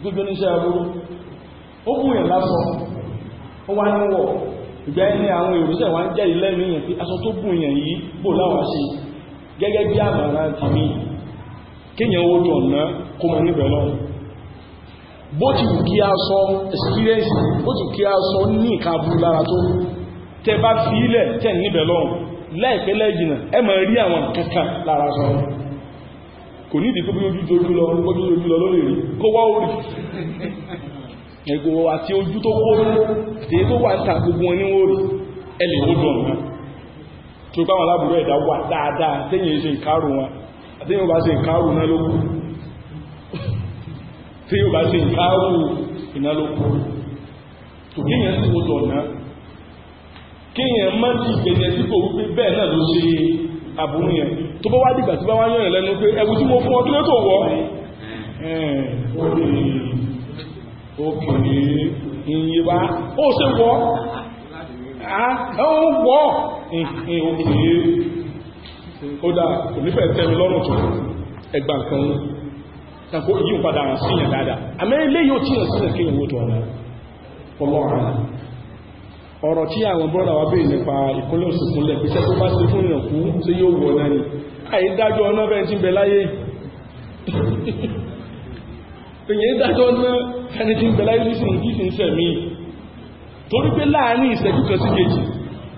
gbogbo níṣẹ́ aburú ó fúnyàn lásọ ó wá níwọ̀ ìgbẹ́ ní àwọn èrò tẹ̀ wá ń jẹ́ ilẹ́ mi yàn pé aṣọ tó fúnyàn yìí bò láwọn ṣe gẹ́gẹ́ bí àmàrà ti mí kíyàn owó tó ọ̀nà kó mọ̀ níbẹ̀ lọ bó ti wù kí a sọ experience bó ti kí a sọ ní ìkàbù lára tó tẹ bá fi ilẹ̀ tẹ̀ níbẹ̀ lọ láìpẹ́ lẹ́jìnà ẹ mọ̀ rí àwọn kankan lára sọ kò ní ìdí kóbí ojú ojú lọ ojú ojú lọ lórí rí kó wá orí ojú tó kó tèé tó wà wọn ní orí ẹ lè ó dọ̀nà tó káwọn alábùrú ẹ̀dá wà dáadáa tẹ́yìn ṣe ìkárù wọn àtẹ́yìn bá ṣe ìkárù náà lókù tí yóò bá ṣe ìkárù iná lókù tó kíyàn sí ó tọ̀nà kíyàn má ti gbẹ̀yẹ sípò wípé bẹ́ẹ̀ náà ló ṣe àbúrú yẹn tó bá wá dìgbà tí bá wá yọ̀rìn lẹ́nu pé ẹwù tí mo fún ọdún tó wọ́ obìnrin ìyẹ̀wá ó ṣe wọ́ ní òkè ó dá kò nífẹ̀ẹ́ tẹ́mi lọ́rùn tó ẹgbà nǹkan ní tako yíò padà hàn síyàn dáadáa àmẹ́ ilé yóò tíyàn síyàn kí owó tó ọ̀rọ̀ ọlọ́run ọ̀rọ̀ tí àwọn brọ́dà wá bèèrè nípa ìkúnlẹ̀ òsìkúnlẹ̀ pẹ́sẹ́ tó bá sí fún ìyànkú tí yóò wọ̀ náà ni àìdájọ́ ọ̀nà bẹ́ẹ̀ tí ń bẹ láyé èyàn dájọ́ ọ̀nà ẹni tí ń bẹ láyé lóṣìṣẹ́ ìsẹ̀mí torí pé láàárín ìṣẹ́jú kan sí kejì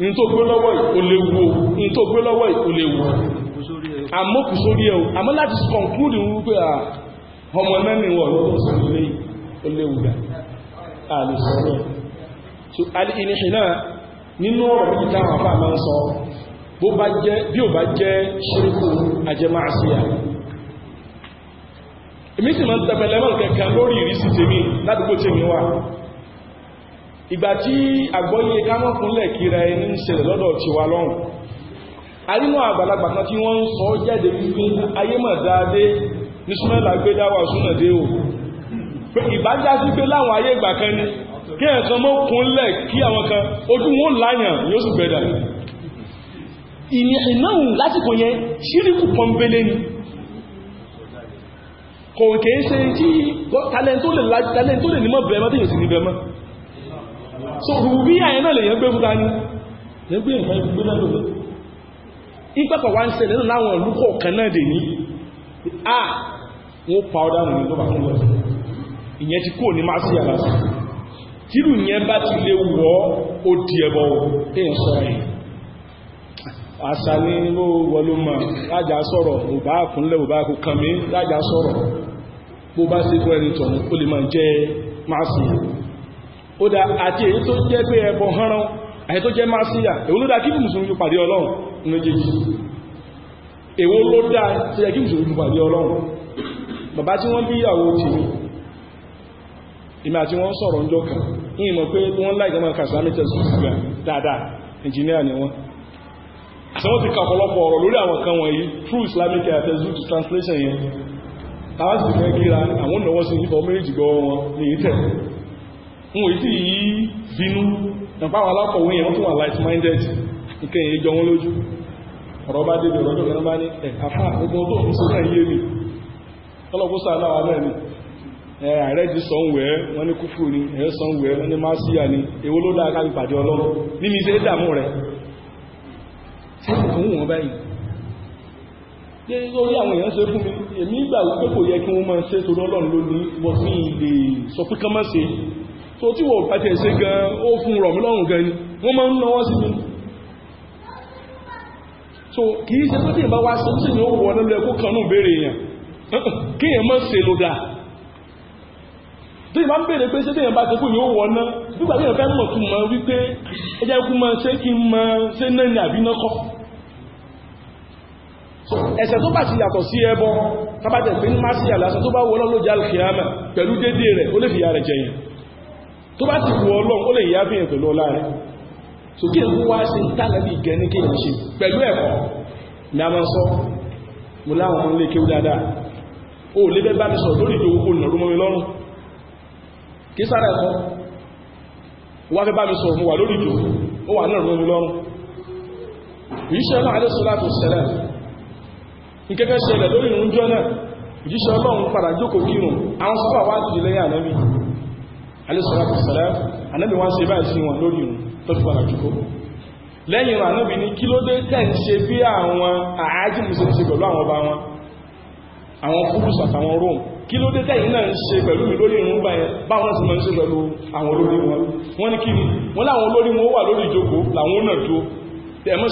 ní tó gbé lọ́wọ́ ìkóléwu ní tó gbé lọ́wọ́ ìkóléwu àmókù sórí ẹ̀ àmọ́ láti conclude wípé ọmọ mẹ́rin wọ̀ lọ́wọ́ sàmìlẹ̀ ìkóléwu gà so alìhìnìhìn náà nínú ọ̀rọ̀ ìta àwọn afá máa ń sọ bó bá jẹ́ bí ò bá jẹ́ ṣíríkù ajẹmáàsíyà èmi sì máa ń tẹ̀pẹ̀lẹ́mọ̀ kẹ̀kẹ́ lórí ìrísí tèmi ládùúgbò wà ìgbà tí àgbọ́yé kámọ́ fúnlẹ̀ kíra ẹni ń ṣẹlẹ̀ lọ́dọ̀ ti wà lọ́rùn arínú àgbàlagbà kan tí wọ́n ń sọ jáde wípé ayé mọ̀ dáadé ní súnmọ́lá gbé dáwà súnà dé o pé ìbájá sí pé láwọn ayé ìgbà kan ni kí ẹ̀sán mọ́ kúnlẹ̀ kí àwọn kan ojú wọn láyàn yóò sì gbẹ̀dà ìnáhùn lásìkò yẹn ṣíríkù pọ̀mbélé ni kò kèé ṣe tí tálẹ́ntó lè nímọ̀ bẹ̀rẹ̀ mọ́ tí yóò sì ní bẹ̀rẹ̀ mọ́ so Rubia yẹn náà lè yẹn gbé fúta ní lè gbé nǹkan gbé náà lòdì ìpẹ́kọ̀ wá ń ṣẹlẹ̀ náà láwọn ìlú kọ̀ọ̀kan ní a wọ́n pa ọ́dá nù ní tọ́bà fún ọ̀sẹ̀ ìyẹn ti kúrò ní máa sí àlàsì tírù yẹn bá ti lè wọ́ ó di ẹbọ èèyàn sọ̀rọ̀ yìí àṣà ní ló wọlé mọ̀ ó dá àti èyí tó jẹ́ pé ẹbọ hánran àti tó jẹ́ másíyà èwo ló dá kí mùsùlùmí pàdé ọlọ́run méjèèjì èwo ló dá tí ẹ kí mùsùlùmí pàdé ọlọ́run bàbá tí wọ́n bí ìyàwó ti ìmẹ́ àti wọ́n sọ̀rọ̀ ń jọkà ìmọ̀ pé wọ́n láìgbọ́n kàṣà ni wọ́n àtàwọn ti kàpọ̀lọpọ̀ ọ̀rọ̀ lórí àwọn translation yẹn àwọn sì fẹ́ gíra àwọn ìnáwọ́sí wọn èsì yìí bínú ìpáwọn alákọ̀wé yẹn wọ́n tún light minded ìkẹyìn ìjọ wọn lójú ọ̀rọ̀ bá débi ọ̀rọ̀ tó bá ní ẹ̀kàfà ogun tó ń sọ náà yé mi ọlọ́pọ̀ sàdáwà náà ni ààrẹ ti sọ ń wẹ́ wọ́n ni ẹ̀ sọ ń wẹ́ wọ́n ní máa síyà ni èwo ló dáa káàkiri pàdé ọlọ́rọ̀ níbi iṣẹ́ ìdààmú rẹ̀ tí lórí àwọn èèyàn ṣe fún mi èmi gbà wípé yẹ kí wọ́n máa ṣe torí ọlọ́run ló wọ́n fi lè sọ pé kán má ṣe so tí wọ́n bá tẹ̀ ṣe gan ó fún rọ̀mí gan ni wọ́n máa ń náwọ́ sí ní so kì í ṣe tó dìbá wá sí tí ó wọ́n lọ́lọ́ ẹkú kanú béèrè èèyàn kí èèyàn mọ́ ṣe ló tí ìbá ń béèrè pé ṣé ni ó wọ́n ná nígbà tí èèyàn fẹ́ mọ̀ tún mọ̀ wípé ni àbí náà kọ́ ẹ̀ṣẹ̀ tó bá ti yàtọ̀ sí ẹbọ tábàtẹ̀ pé ní má sí àlàsọ tó bá wọ́n lọ́lọ́ jẹ́ alìkìyàmẹ̀ pẹ̀lú dédé rẹ̀ ó rẹ̀ jẹyìn tó bá ti wù ọlọ́run ó lè yá fi hàn pẹ̀lú ọlá so kí èkó wá sí tánàbí gẹ̀ ní kí èyàn ṣe pẹ̀lú ẹ̀kọ́ ni a máa sọ mo láwọn ọmọ ilé kéwú dáadáa ó lé bẹ́ bá mi sọ lórí ìdòwò kò nà rúmọ́ mi lọ́rùn kí sára ẹ̀kọ́ wá fẹ́ bá mi sọ mo wà lórí ìdòwò ó wà náà rúmọ́ mi lọ́rùn ìyíṣẹ́ náà alẹ́sọ́láàtò sẹ́lẹ̀ nkẹ́kẹ́ ṣẹlẹ̀ lórí ìrúnjọ́ náà ìyíṣẹ́ ọlọ́run padà jókòó alẹ́sọ̀rọ̀sọ̀rọ̀ anábì wọ́n ṣe báyìí sí wọn lórí ìrùn tó fi padà jùkó lẹ́yìn ìrùn anábì ní kí ló dé tẹ́ ń ṣe bí àwọn àájì musu ṣe pẹ̀lú àwọn ọba wọn àwọn kúrúsù àtàwọn rome kí ló dé tẹ́yìn náà ń ṣe pẹ̀lú mi lórí ìrùn báwọn sì máa ń ṣe pẹ̀lú àwọn olórí wọn wọ́n ní kí ni wọ́n láwọn olórí wọn wà lórí ìjókòó làwọn náà tó tẹ̀mọ́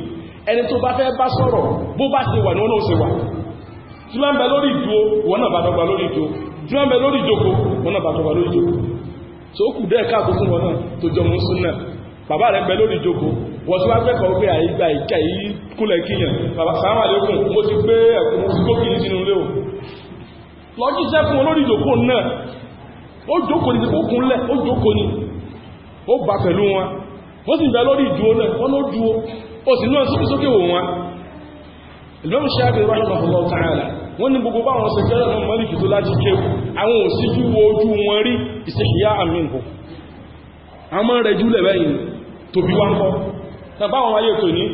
ṣe ẹni tó bá fẹ́ bá sọ̀rọ̀ bó bá ṣe wà ní wọ́n ṣe wà tí wọ́n bẹ lórí ìdúó wọ́n náà bá dọ́gba lórí ìdúó tí wọ́n bẹ lórí ìjókòó wọ́n náà bá dọ́gba lórí ìjókòó tó kù dẹ́ káàkó fún wọn náà tó jọ mú súnà bàbá rẹ̀ bẹ lórí ìjókòó wọ́n tí wọ́n kẹ́kọ̀ọ́ pé àyíká ìkà yìí kúlẹ̀ kíyàn bàbá sàmà lẹ́kùn mo ti gbé ẹ̀kùn mo ti gbókì ní sínú ilé o lọ́jú jẹ́ fún olórí ìjókòó náà ó jókòó ní ti kókùnlẹ̀ ó jókòó ní ó bà pẹ̀lú wọn wọ́n sì bẹ lórí ìdúó náà wọ́n ló dúó ó sì náà síbi sókè wò wọn Imam Shafi rahimahullah ta'ala wọ́n ní gbogbo báwọn ṣe fẹ́rẹ̀ mọ́ mọ́lìkì tó láti ké àwọn òsíjú wo ojú wọn rí ìsìnkìyà àmìnkù àmọ́ rẹ̀ jùlẹ̀ bẹ́yìn tóbi wá ń kọ́ tàbáwọn ayé tò ní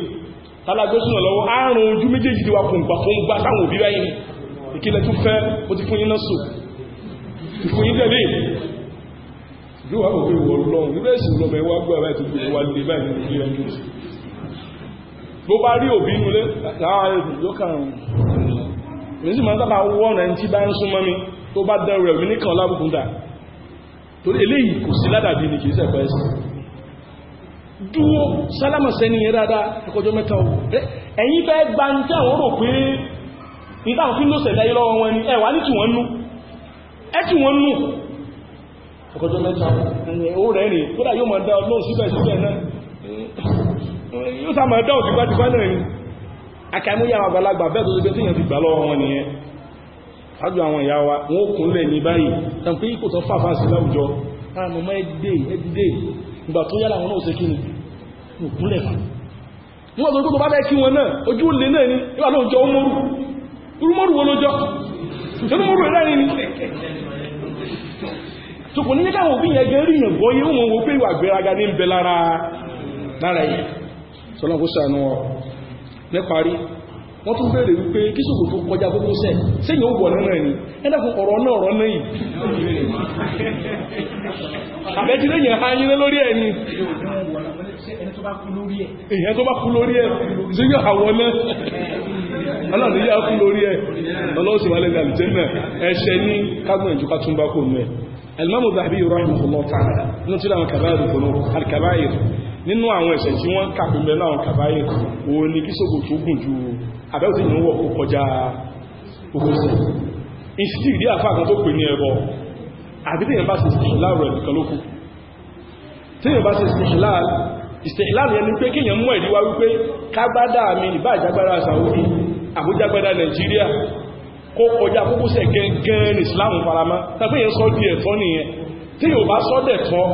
tàlágbésùnà lọ́wọ́ àrùn ojú méjèèjì tí wà kùn gbà fún gbà sáwọn òbí bẹ́yìn ìkílẹ̀ tún fẹ́ ó ti fún yín gbogbo ìwọ̀ lọ́wọ́ nígbẹ̀ẹ́sì lọ́mọ ẹwà bó bá rí òbí nulé láàárín yóò kàrùn-ún èyí sì máa sábà ẹni tí bá bá ẹ̀mí dà kò sí ládàbí kìí sí yẹn dáadáa ẹkọjọ́ mẹ́ta ẹ̀yìn fẹ́ gba ní tí àwọn rò pé lọ́wọ́ wọn ni ẹ̀wà ní tí wọ́n nú tí wọ́n nú ẹkọjọ́ mẹ́ta rẹ̀ kódà yóò máa dá yóò sàmà ẹ̀dá òtìpátipá náà ni akàmúyà àwọn àgbàlagbà bẹ́ẹ̀ tó gbé tíyàn ti gbà lọ́wọ́ wọn nìyẹn àwọn wa wọn ó ní báyìí fàfà sí láwùjọ ah, ìgbà tó yára wọn náà ṣe kí ni fà wọn tó tó bá bẹ́ẹ̀ kí wọn náà ojú náà ni ìwà lóòjọ lójọ ni sọ́lọ́kó sànú ọ níparí wọ́n tún bèèrè wípé kí sòkò tó kọjá gbogbo sẹ́ sẹ́yìn ó wọ̀ náà ni ẹ́dàkùn ọ̀rọ̀ náà ọ̀rọ̀ náà yìí àbẹ́jìlẹ̀ yẹn ha yínlẹ́ lórí ẹ̀ ni èyàn tó bá kú lórí ẹ̀ sí yóò àwọ̀ náà aláàdé yá kú lórí ẹ̀ ọlọ́sìnwálẹ̀ àlìjẹ́nà nínú àwọn ẹ̀ṣẹ̀ tí wọ́n kàpé mẹ́lá àwọn kàbáyé o ní kí sókò tó gùn ju abẹ́òtí ìyàn wọ̀ kọjá okòsẹ̀ ìsìtì ìdí àfáàkan tó pè ní ẹbọ àti tí èyàn bá ṣe ìṣẹ̀lá ni pé kí èyàn mọ́ ìdíwá wípé kágbádá mi ìbá ìjágbára Saudi àbújágbára Nàìjíríà kó kọjá kókósẹ̀ gẹ́gẹ́ ní Islam faramá tàbí èyàn sọ di nìyẹn tí yóò bá sọ́dẹ̀ tọ́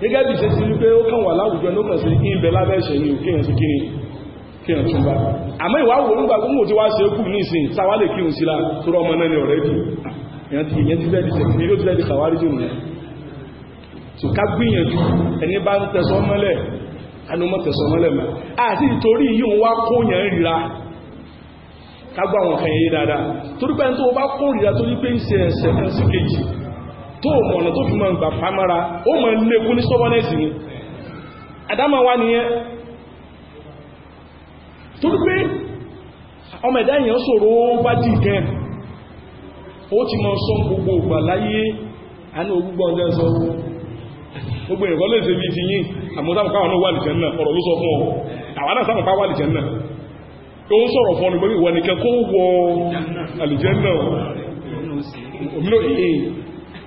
gẹ́gẹ́ bí ṣe sí wípé ó kàn wà láwùjọ ló kàn sí ìbẹ̀ lábẹ́ ni òkèèyàn sí kíni kíyàn tún bá àmọ́ ìwà wo nígbà tó mò tí wá sí la ni ọ̀rẹ́ jù ìyẹn ti bẹ́ẹ̀ di ṣe ní ló ti bẹ́ẹ̀ di kàwárí jù nìyẹn tó ká gbìyànjú ẹni bá ń tẹsọ mọ́lẹ̀ anúmọ́ tẹsọ mọ́lẹ̀ mọ́ àti ìtorí yìí wá kóyàn ríra ká gbà dáadáa torípẹ́ tó bá kó ríra torí pé ẹ̀ṣẹ̀ kan kejì tó ọ̀nà tó fi máa ń gbà ó máa lékún ní stubbornness ni àdámà wá nìyẹn tó pé ọmọ ẹ̀dá èèyàn ti gbogbo ògbà láyé a ní ogúgbọ́ ọjọ́ sọ gbogbo ẹ̀kọ́ lè ṣe bí ti yí àmúsàmùkáwà náà wà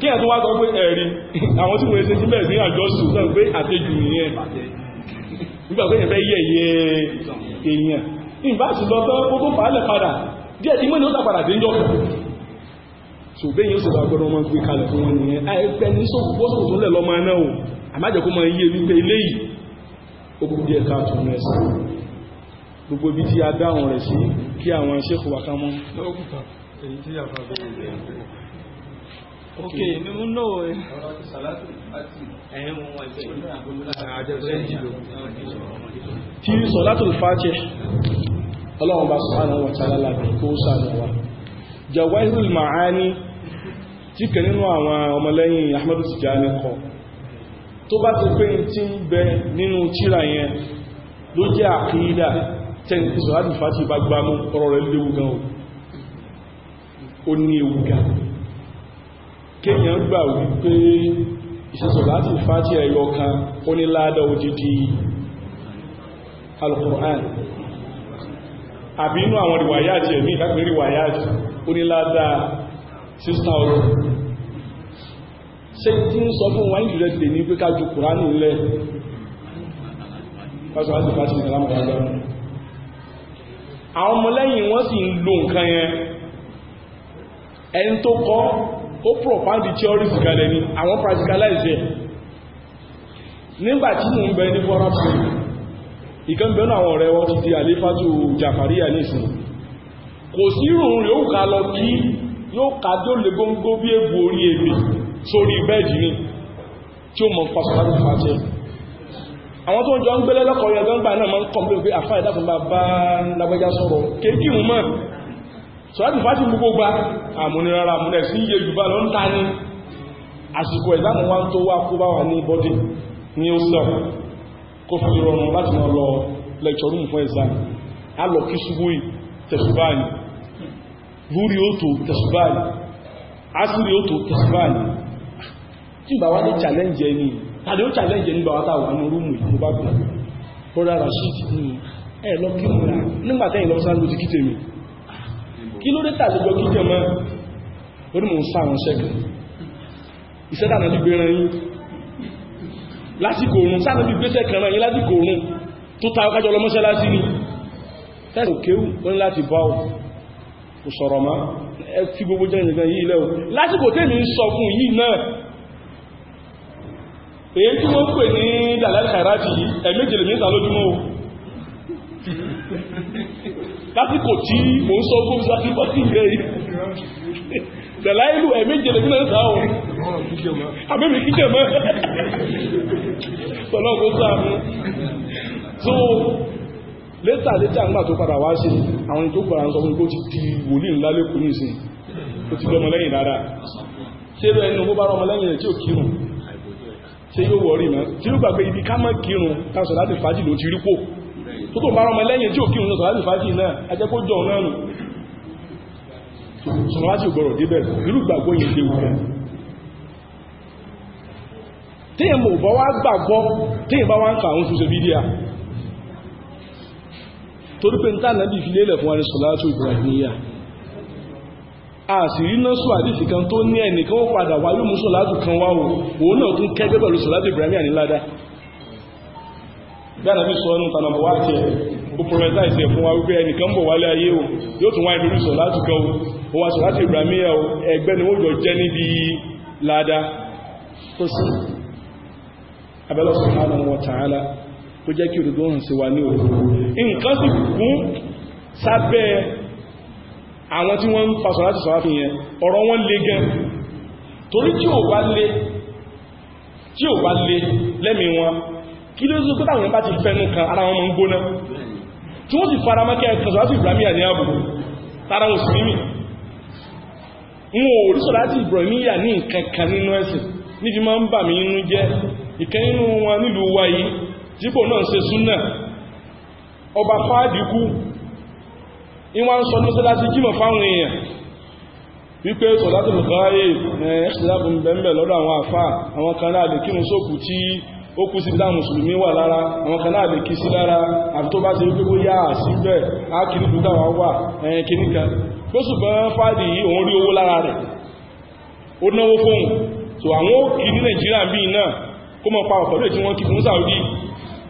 kí ẹ̀ tó wá sọ pé ẹ̀rí àwọn tí wọ́n ṣe síbẹ̀ sí àjọsù náà pé àtẹ́jù nìyẹn nígbà pé ẹ̀fẹ́ yẹ̀yẹ èèyàn ìbá ṣùgbọ́n tó kó tó fàálẹ̀ padà díẹ̀ tí mọ́ ni ó tàpadà dé jọ́ so bẹ́ẹ̀ yóò sọ̀rọ̀ agbọ́dọ̀ ọmọ gbé kalẹ̀ fún wọn nìyẹn ẹgbẹ́ ní sọ́kùnkùn tó lẹ̀ lọ́mọ náà o àmájẹ̀kú máa yí ewì pé eléyìí ó kú díẹ̀ káàtùn rẹ̀ sí gbogbo bí tí a dáhùn rẹ̀ sí kí àwọn ṣékùwà ká mọ́ ok nínú náà ẹ. kí sọ̀látùl fàtì ọlọ́run bá subhanahu wa ta'ala lábẹ́ kó sàánà wa jawahirul ma'ani tí kẹ nínú àwọn ọmọlẹ́yìn ahmadu tijani kọ tó bá ti pé tí ń bẹ nínú tírà yẹn ló jẹ́ àkídà tẹ́ni sọ̀látùl fàtì bá gbámú ọ̀rọ̀ rẹ̀ léwu gan o ní ewu gan kéèyàn gbà wípé ìṣẹ́sọ̀ láti fàájì ẹ̀yọ kan ó ní ládá odidi al-Qur'an àbí inú àwọn riwayati ẹ̀mí ìdápẹ́ riwayati ó ní ládá 6,000 ṣe tí ń sọ fún wáyé jùlẹ̀ tè ní pé ká Qur'an nílẹ̀ àwọn ọmọlẹ́yìn wọ́n sì ń lo nǹkan yẹn ẹni tó kọ́ ó propound theory kalẹ̀ ni àwọn practicalize ẹ̀ nígbàtí mò ń bẹ ní forum school ìkan bẹ̀rẹ̀ àwọn ọ̀rẹ́ wọn ti di àlífàtù jàfàríyà nìsìn kò sí ìrùn rí ó ká lọ kí yóò ká tó lè góńgó bí ègbò orí èbì sórí bẹ́ẹ̀dì ní tí ó mọ̀ pàṣàlátì fàṣẹ àwọn tó ń jọ ń gbélé lọ́kọ̀ọ́ yẹn gbọ́ngbà náà máa ń kọ̀m̀pé pé àfáà sọ́láti fásí gbogbo gba àmúnirara àmúnẹ̀ sí iye jù bá lọ ń ta ní àsìkò ẹ̀dáàmù wá tó wá kó bá wà ní bọ́dì ní ó sọ kó fi rọrùn láti máa lọ lecture room fún exam a lọ kí ṣubúì tẹ̀sùbáàlì lórí òtò tẹ̀sùbáàlì asìrì òtò tẹ̀sùbáàlì tí bá wá ní challenge ẹni tàbí ó challenge ẹni bá wá táwà ní rúmù ìlú bá gbọ́ rọ́rọ̀ rashid ní ẹ̀ lọ kí mú nígbàtẹ́ ìlọ́sán ló ti kí tèmi kí ló dé tàbíjọ kí jẹ mọ́ orí mò ń sá àwọn ṣẹ́gun ìṣẹ́dà náà ti gbé ran yín lásìkò oòrùn sáà náà ti gbé sẹ́kàn ran yín lásìkò oòrùn tó ta ọkájọ lọ mọ́ṣáláṣí ni tẹ́rù kéwù ó ní láti bá ò kò sọ̀rọ̀ má ẹ fi gbogbo jẹ́ ìrìnkan yìí lẹ́wọ̀ lásìkò tẹ́mi ń sọ fún yìí náà èyí tí wọ́n pè ní dàlẹ́ kàràtì yìí ẹ̀mẹ́jẹ̀lẹ̀ mẹ́ta lójúmọ́ lásìkò tí mò ń sọ fún ìsáàkì bá sí ilé yìí tẹ̀lá ìlú ẹ̀mí ìjẹ̀lẹ̀ nínú ẹ̀sà ọ̀rọ̀ àmẹ́mì kíjẹ̀ mọ́ tọ́lọ́ kó sáàmù tó létà létà ńgbà tó padà wá sí àwọn tó padà ń sọ fún kó ti di wòlíì ńlá lẹ́kùn ní ìsìn tó ti lọ́mọ lẹ́yìn dáadáa ṣé bẹ́ẹ̀ ni ó bá rọmọ lẹ́yìn rẹ̀ tí ò kírun ṣé yóò wọ̀rí mọ́ tí ó gbàgbé ibi ká mọ́ kírun táṣọ̀ láti fàájì ló ti rí pò tó tó bá rọmọ lẹ́yìn tí òkè òun sọ̀rọ̀ fàájì náà ajẹ́ kó jọ náà nù sọ̀rọ̀ láti ògbọ̀rọ̀ débẹ̀ irú gbàgbọ́ yìí léwu rẹ̀ téèyàn mò bọ́ wá gbàgbọ́ téèyàn bá wá ń kà àwọn ṣoṣe bídíà torí pé níta nàbí ìfilé ilẹ̀ fún arísọ̀látò ìbìràníyà a sì rí náà sọ àdífì kan tó ní ẹnìkan ó padà wáyé mú sọ̀látò kan wá òun náà tún kẹ́gbẹ́ pẹ̀lú sọ̀látò ìbìràníyà ní ládàá gbára bí sọ ọ́nù tànàbọ̀ wá tiẹ̀ ó pọ̀rẹ́sáìsì ẹ̀ fún wa wípé ẹnìkan bọ̀ wálé ayé o yóò tún wá ìdúrú sọ láti kọ́ o wá sọ láti ìbràmíyà o ẹgbẹ́ ni wọ́n jọ jẹ́ níbi ládá tó sí abẹ́lọ́ subhanahu wa ta'ala kó jẹ́ kí òdòdó hàn sí wa ní òkú nǹkan sì kún sábẹ́ àwọn tí wọ́n ń fa sọ láti sọ láti yẹn ọ̀rọ̀ ò bá le lẹ́mìí wọn kí ló sọ kótà wọn bá ti fẹ́nu kan ara wọn mọ́ ń gbóná tí wọ́n sì fara mọ́kẹ́ kọ̀sọ̀láti ìbrahimiya ní ààbò tara wọn sí mímì wọn ò rí sọ̀láti ìbrahimiya ní nǹkan kan nínú ẹ̀sìn ní máa ń bà mí inú jẹ́ ìkẹ́ nínú wọn nílùú wa yìí dípò náà ṣe súnà ọba fáàdìkú ìwọ́n sọ ní sọ́láti jímọ̀ fáwọn èèyàn wípé sọ̀láti bùkáyè ẹ̀ẹ́sìlábùn bẹ̀m̀bẹ̀ lọ́dọ̀ àwọn àfáà àwọn kan láàdì kírun sókù tí ó kú sí dáa mùsùlùmí wà lára àwọn kan náà lè kí sí lára àti tó bá ṣe wípé bóyá àṣíbẹ̀ á kiri dúdá wà wà ẹ̀yìn kìíní kan ló ṣùgbọ́n fàdí yìí òun rí owó lára rẹ̀ ó náwó fóun so àwọn òkì ní nàìjíríà bí náà kó mọ̀ pa ọ̀pọ̀lẹ̀ tí wọ́n kí fún Saudi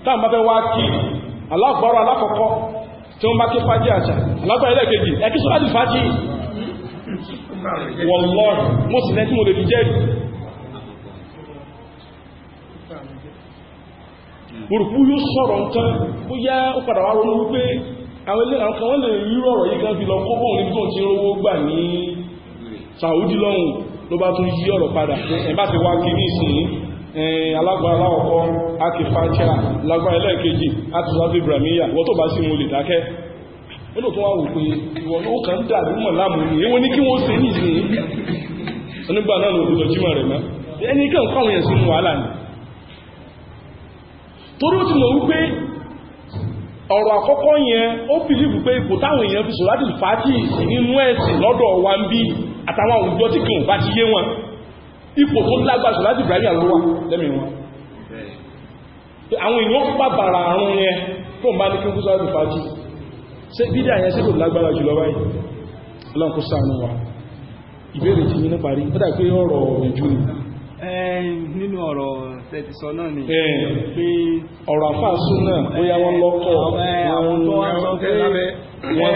táà bá fẹ́ wá kí aláàgbọ́rọ̀ alákọ̀ọ́kọ́ tí wọ́n bá kí fàájì mọ̀rùkú yóò sọ̀rọ̀ nǹkan ó yá ó padà wá ronú wípé àwọn ilé àwọn kan wọ́n lè rí ọ̀rọ̀ yìí kan fi lọ kọ́kọ́ ní tó ti rówó gbà ní Saudi lọ́hùn ló bá tún yí ọ̀rọ̀ padà ẹ̀ bá ti wá kí ní ìsìn alágbára aláwọ̀kọ́ ákì fàájá lágbára ẹlẹ́ẹ̀kejì àti sáfí ibrahimiyya wọ́n tó bá sí mú lè dákẹ́ mọ̀ láàmù ní ewé ní kí wọ́n ṣe ní ìsìn onígbà náà lòdì lọ́jímọ̀ rẹ̀ mọ́ ẹni kàn kọ́ àwọn èèyàn sínú wàhálà torí ó ti mọ̀ wípé ọ̀rọ̀ àkọ́kọ́ yẹn ó bìlífù pé ipò táwọn èèyàn fi sọ̀rọ̀ láti fàájì sí nínú ẹ̀sìn lọ́dọ̀ wa ń bí àtàwọn àwùjọ tí kìí bá ti yé wọn ipò tó lágbàṣọ láti Ibrahim lọ́wọ́ lẹ́mìí wọn àwọn èèyàn pà bàrà àrùn yẹn tó ń bá ní kí kú sọ́rọ̀ nínú ọ̀rọ̀ tẹ̀tìsọ náà ni pé ọ̀rọ̀ àfáàsù náà bóyá wọ́n lọ́kọ̀ wọ́n tẹ̀ lábẹ́ wọ́n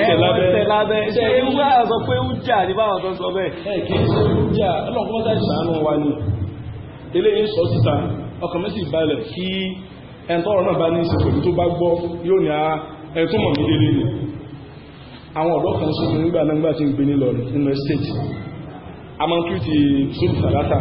tẹ̀ lábẹ́ ṣe é wúrà sọ pé ó jà ní báwọn tó sọ bẹ́ẹ̀ ẹ̀ kì í ṣe ó jà ọlọ́kùnrin sáà ṣàánú wa ni eléyìí sọ síta ọkàn mẹ́sì balẹ̀ kí ẹ̀ntọ́rọ̀ náà bá ní ìsìnkú tó bá gbọ́ yóò ní a ah, ẹ̀túnmọ̀ ní délé ní àwọn ọ̀dọ́ kan sókùn nígbà náà gbà tí ń gbé ní lọ nínú estate a máa ń tú ti sókùn sàlátà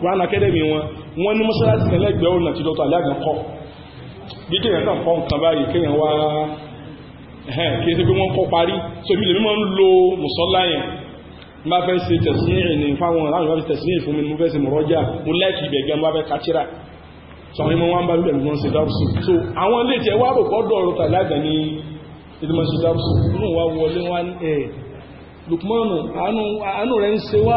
Quran Academy wọn wọ́n ní mọ́ṣáláṣí kan lẹ́gbẹ̀ẹ́ ọ̀nà tí dr aliagan kọ́ gígé yẹn kàn kọ́ nǹkan báyìí kéèyàn wá ẹ̀hẹ́n kí ẹsẹ̀ pé wọ́n kọ́ parí so ibi lèmi máa ń lo mùsọ́lá yẹn má fẹ́ ṣe tẹ̀síyìn ní fáwọn aláwọ̀ bá fi tẹ̀síyìn fún mi mo fẹ́ ṣe mọ̀rọ́jà mo so àwọn ilé tiẹ̀ wá rò gbọ́dọ̀ ọ̀rọ̀ tàbí àgbà ní ìdímọ̀ ṣe dárúsù inú wa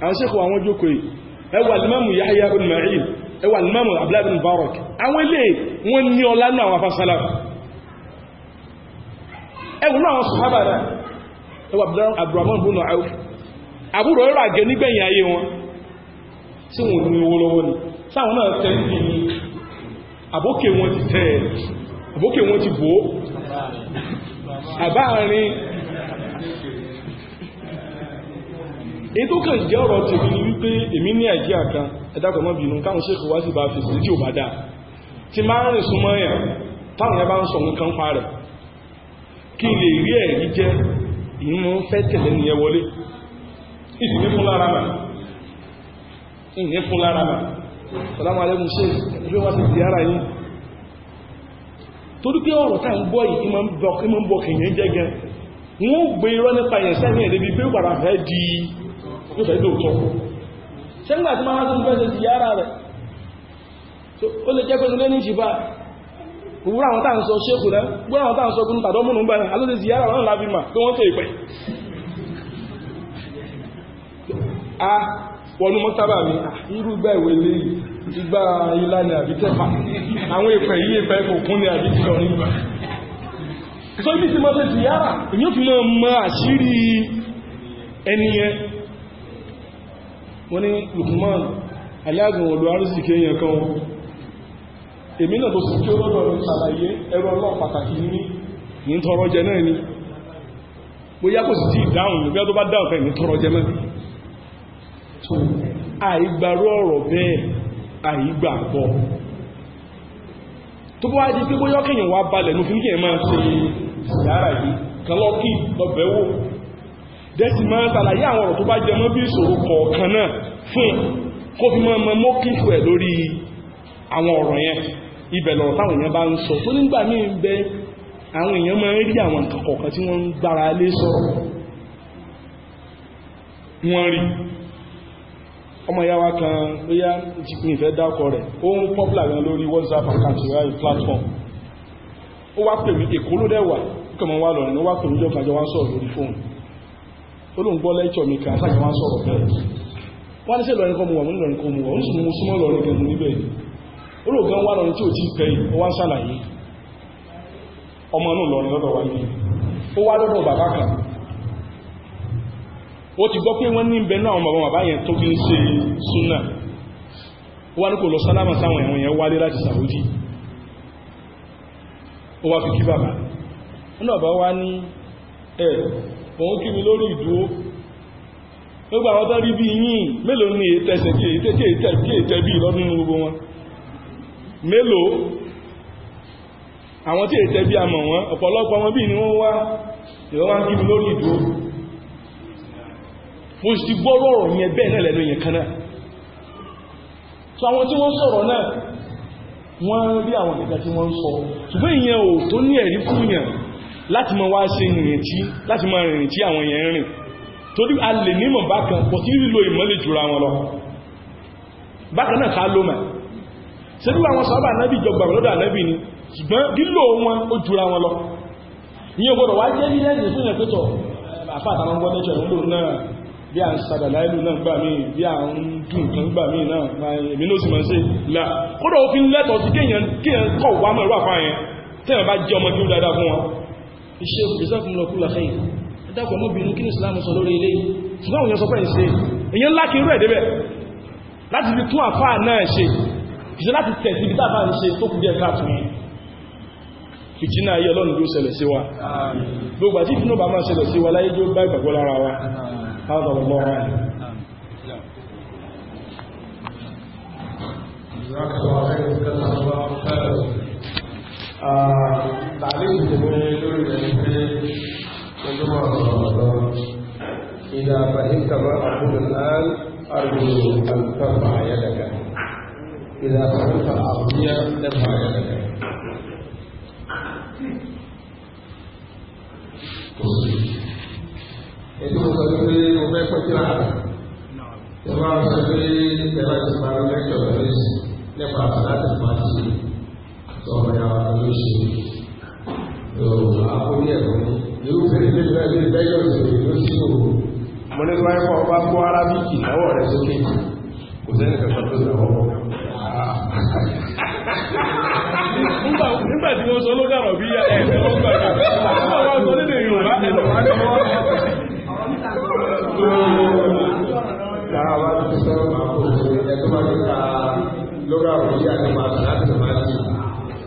àwọn ṣẹ́kọ̀ọ́ àwọn jókòó yìí ẹwà limamu Yahya bin Ma'in ẹwà limamu Abdullah bin Mubarak àwọn ilé wọn ní ọlá náà àwọn afásálà ẹwù náà àwọn sàhábà náà ẹwà Abdurrahman bin Auf àbúrò ẹrọ àgẹ nígbẹ̀yìn ayé wọn tí wọn ní owó lọ́wọ́ èyí tó kàn jẹ́ ọ̀rọ̀ tèmi ni wípé èmi ní àìdíà kan ẹ̀dàkọ̀ mọ́ bínú káwọn ṣèkò wá sí bá fi sí tí ò bá dáa tí máa ń rìn súnmọ́ yàn táwọn yẹn bá ń sọ nǹkan pa rẹ̀ kí lè rí ẹ̀rí jẹ́ ìmọ̀ fẹ́ tẹ̀lé ní ẹwọlé ìdílé fún lára mà ìdílé fún lára mà sàlámù alẹ́kùn ṣe ẹgbẹ́ wá wọ́n gbé irọ́ nípa yẹn sẹ́yìn ẹ̀dẹ́bí pé ó padà fẹ́ yóò fẹ́ lóòótọ́ ṣé ń gbà tí máa tún fẹ́ sí yára rẹ̀ ó lè jẹ́ pẹ̀lú lẹ́ní ìṣìbá gbúra àwọn táà ń sọ ṣékù rẹ̀ gbúra àwọn táà ń sọ gún tàdọ́mùnú gbẹ̀rẹ̀ alóde ziyara wọn lábí mà tó wọ́n tó ìpẹ́ a wọnú mọ́tàbà mi irú gbá ìwé lè igbá ni àbí wọ́n ni Lukman aláàgbọ̀n olú arísìkí èèyàn kan wọn náà tó sì kí ó lọ́dọ̀ rẹ̀ ṣàlàyé ẹ̀rọ ọlọ́ pàtàkì ní ní tọrọ náà ni bóyá kò sì tí ìdáhùn nígbà tó bá dáhùn fẹ́ ní tọrọ tó àìgbàrú ọ̀rọ̀ dẹ́sì máa ṣàlàyé àwọn ọ̀rọ̀ tó bá jẹ mọ́ bí ìṣòro kọ̀ọ̀kan náà fún kó fi máa mọ mọ́kìfù ẹ̀ lórí àwọn ọ̀rọ̀ yẹn ibẹ̀ lọ̀rọ̀ táwọn èèyàn bá ń sọ tó nígbà míì ń bẹ àwọn èèyàn máa ń rí àwọn nǹkan kọ̀ọ̀kan tí wọ́n ń gbára lé sọ̀rọ̀ wọ́n rí ọmọ ìyá wa kan bóyá ìfẹ́ dákọ rẹ̀ ó ń pọ́pùlà gan lórí WhatsApp àkàtì ráyè platform ó wá pè mí èkó ló dẹ̀ wà kọ́mọ wá lọ́rin ó wá pè mí jọ́kàjọ́ wá sọ̀rọ̀ lórí fóònù olóǹgbọ́ lẹ́tọ̀ mi kan sáàkì wọ́n sọ̀rọ̀ bẹ́ẹ̀ wọ́n ní sí ìlọrin kọmùwà mú ìlọrin kọmùwà ó sì mú súnmọ́ lọrin gẹ̀mù níbẹ̀ olóògán wà lọrin tí ò tí pẹ́ ó wá ń sàlàyé ọmọ inú lọrin lọ́dọ̀ bàbá mọ̀ ń kí mi lórí ìdúró gbogbo àwọn tó rí bí yìí mélòó ní ètẹ́sẹ̀ kí ètẹ́ bí lọ́dún gbogbo wọn mélòó àwọn tí ètẹ́ bí a mọ̀ wọn ọ̀pọ̀lọpọ̀ wọn bí ni wọ́n wá ìwọ́n wá ń kí mi lórí ìdúró mo sì gbọ́rọ̀ yẹn bẹ́ẹ̀ náà lẹ́nu yẹn kan náà so àwọn tí wọ́n sọ̀rọ̀ náà wọ́n rí àwọn ìgbà tí wọ́n sọ ṣùgbọ́n ìyẹn ò tó ní ẹ̀rí láti mọ wá ṣe ìrìntí láti mọ rìnrìn tí àwọn èèyàn rìn torí a lè nímọ̀ bákan pọ̀ sí lílo ìmọ́lẹ̀ jùra wọn lọ bákan náà ká ló mẹ́ sẹ́lú àwọn sọ́bà náàbì jọgbà lọ́dọ̀ ànábì ni ṣùgbọ́n lílo wọn ó jùra wọn lọ ìyẹn gbọ́dọ̀ wá jẹ́ nílẹ̀ ìrìn fún ma èmi ló sì mọ̀ sí là kódà òfin lẹ́tọ̀ọ́ sí kéèyàn kọ́ wà mọ̀ ó dáadáa iṣẹ́ òjòsọ́fún lọ́kúlọ̀ ṣe ìdákọ̀ mọ́bìnrin kí ní ìsìlámù sọ lórí ilé ṣùgbọ́n òyìn sọ pẹ́ ìṣe èyàn ńlá kí irú ẹ̀ débẹ̀ láti fi tún àfá náà ṣe ìṣẹ́ láti tẹ̀sí ibi tàbá ń ṣe tó kù díẹ̀ káàtùn yìí fìtínà ayé ọlọ́run ló ṣẹlẹ̀ sí wa gbogbo àti ìfínà bá máa ṣẹlẹ̀ sí wa láyé tó bá ìgbàgbọ́ lára wa hádà ọlọ́run Jazakallah khairan tàbí ìdìbò lórí rẹ̀ pé ojúmọ̀ ọ̀rọ̀ ìdá fàíkàbá àkùnlán àrùn alkafa ya daga ìdá fàíkà àbúyá dafa ya daga ètò ìsọ̀rọ̀ pé mo fẹ́ kọjá ìwà ọ̀sẹ̀ pé ẹ̀rọ ìsọ̀rọ̀ lẹ́kọ̀ọ́ lẹ́sìn nípa àbúrò àti ìpàdé တော်ရာလို့ရှိဟိုအာကိုရဲ့ဘုန်းဒီဥဖြစ်လေးပဲလေးတိုက်ရောက်ဆိုလို့ရှိလို့မနေ့ကပေါ်ပါပွာလာပြီးကြည့်တော့တယ်ဆိုပြီးကိုယ်စက်ကပတ်သက်တော့ဘောဘာဘာဒီလိုဆိုလို့ကတော့ဘီရအဲ့တော့ဘာဘာဆိုနေတယ်ယူပါအဲ့တော့ဘာတော့ဒါဘာသူစောမှာပုံစံတက္ကမကလောကဝိယကမှာသာသမာ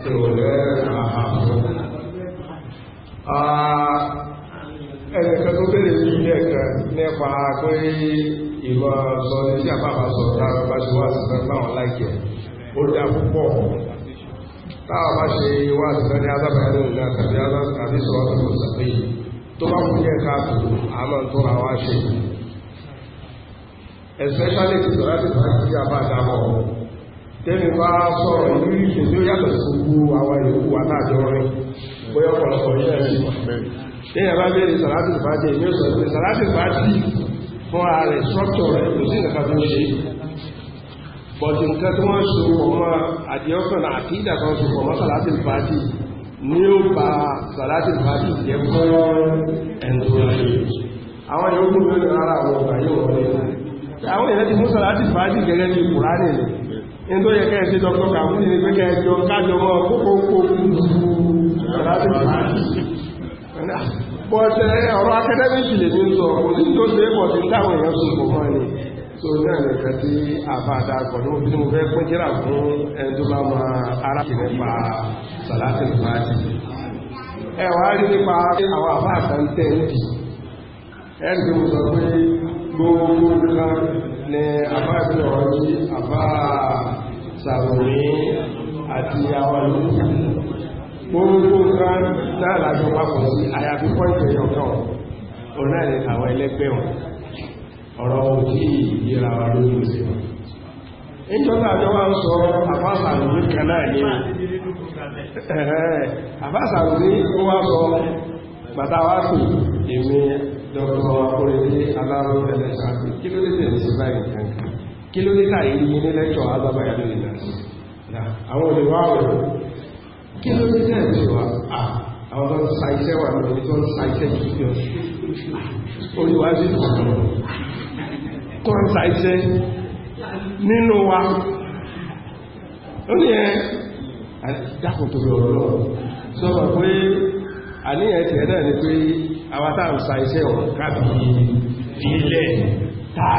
ẹnìkan tó bèèrè ní ilé ẹ̀kan nípa pé ìwọ sọ ní tí àpapà sọ táwọn bá ṣe wá sí sẹ́gbà wọn láìkẹ̀ ó dá púpọ̀ táwọn bá ṣe wá sí sẹ́gbà ní adábàáyé lónìí náà tàbí adábàáyé sọ wá sí sẹ́gbà tó bá kú jẹ́ káàtó àmọ́ tó ra wá ṣe especially tí sọ̀rọ̀ àti sọ̀rọ̀ àti àbá àdámọ̀ tẹ́mi bá sọ̀rọ̀ ìlú ìṣẹ́ tí ó yàtọ̀ sí gbogbo àwọn ìlú wà láàjọ rẹ̀ bóyá ọ̀pọ̀lọpọ̀ ní ẹ̀sìn tẹ́yà bá bèèrè sàlátì fàájì ní ó sọ̀rọ̀ sàlátì fàájì fún ààrẹ sọ́tọ̀ rẹ̀ kò sí nǹkan tó ṣe so ọmọ àdíọ́kànlá àti ìdàkan so ọmọ sàlátì fàájì ní ẹni tó yẹ kẹ́ sí dr kàbúrì ní pé kẹjọ kájọ mọ́ kókó bọ́ọ̀tẹ́ ọ̀rọ̀ akadẹ́mìkì lè ní sọ òní ni tó ní ẹ̀rẹ̀ kan tí àbáadà kọ̀dọ̀ bí mo fẹ́ pín kíra fún ẹni tó bá ma ara kì nípa sàlátì ìfàájì ẹwà rí nípa sàròrí àti àwọn ìlú gbogbo kan náà lájọ papọ̀ sí àyàfi pọ́ìntì ẹ̀yọ̀ kan òun náà ní àwọn ẹlẹ́gbẹ́ wọn ọ̀rọ̀ òjì ìyẹra wa lórí òsì wọn ìjọba àjọ wa ń sọ àfáàsàròrí kan náà ní àfáàsàròrí ó wá sọ bàtà wá sí èmi dọ́kọ̀ orí aláró ẹlẹ́sàkì kí ló lè tẹ̀lé sí báyìí kankan kí ló dé káyé ní ilé lẹ́tọ̀ alábáyà lórí ìdásí àwọn olùwà ọ̀rọ̀ kí ló dé tẹ̀ sí wa àwọn tó ń sa iṣẹ́ wà lórí tó ń sa iṣẹ́ jùlọ olùwà sí tó ń sa iṣẹ́ nínú wa ó ní ẹ dákùn tó lọ lọ sọ́wọ́ pé àníyàn ti ẹ̀dá ni pé àwọn ń sa iṣẹ́ ọ̀rọ̀ káàkiri ilẹ̀ táà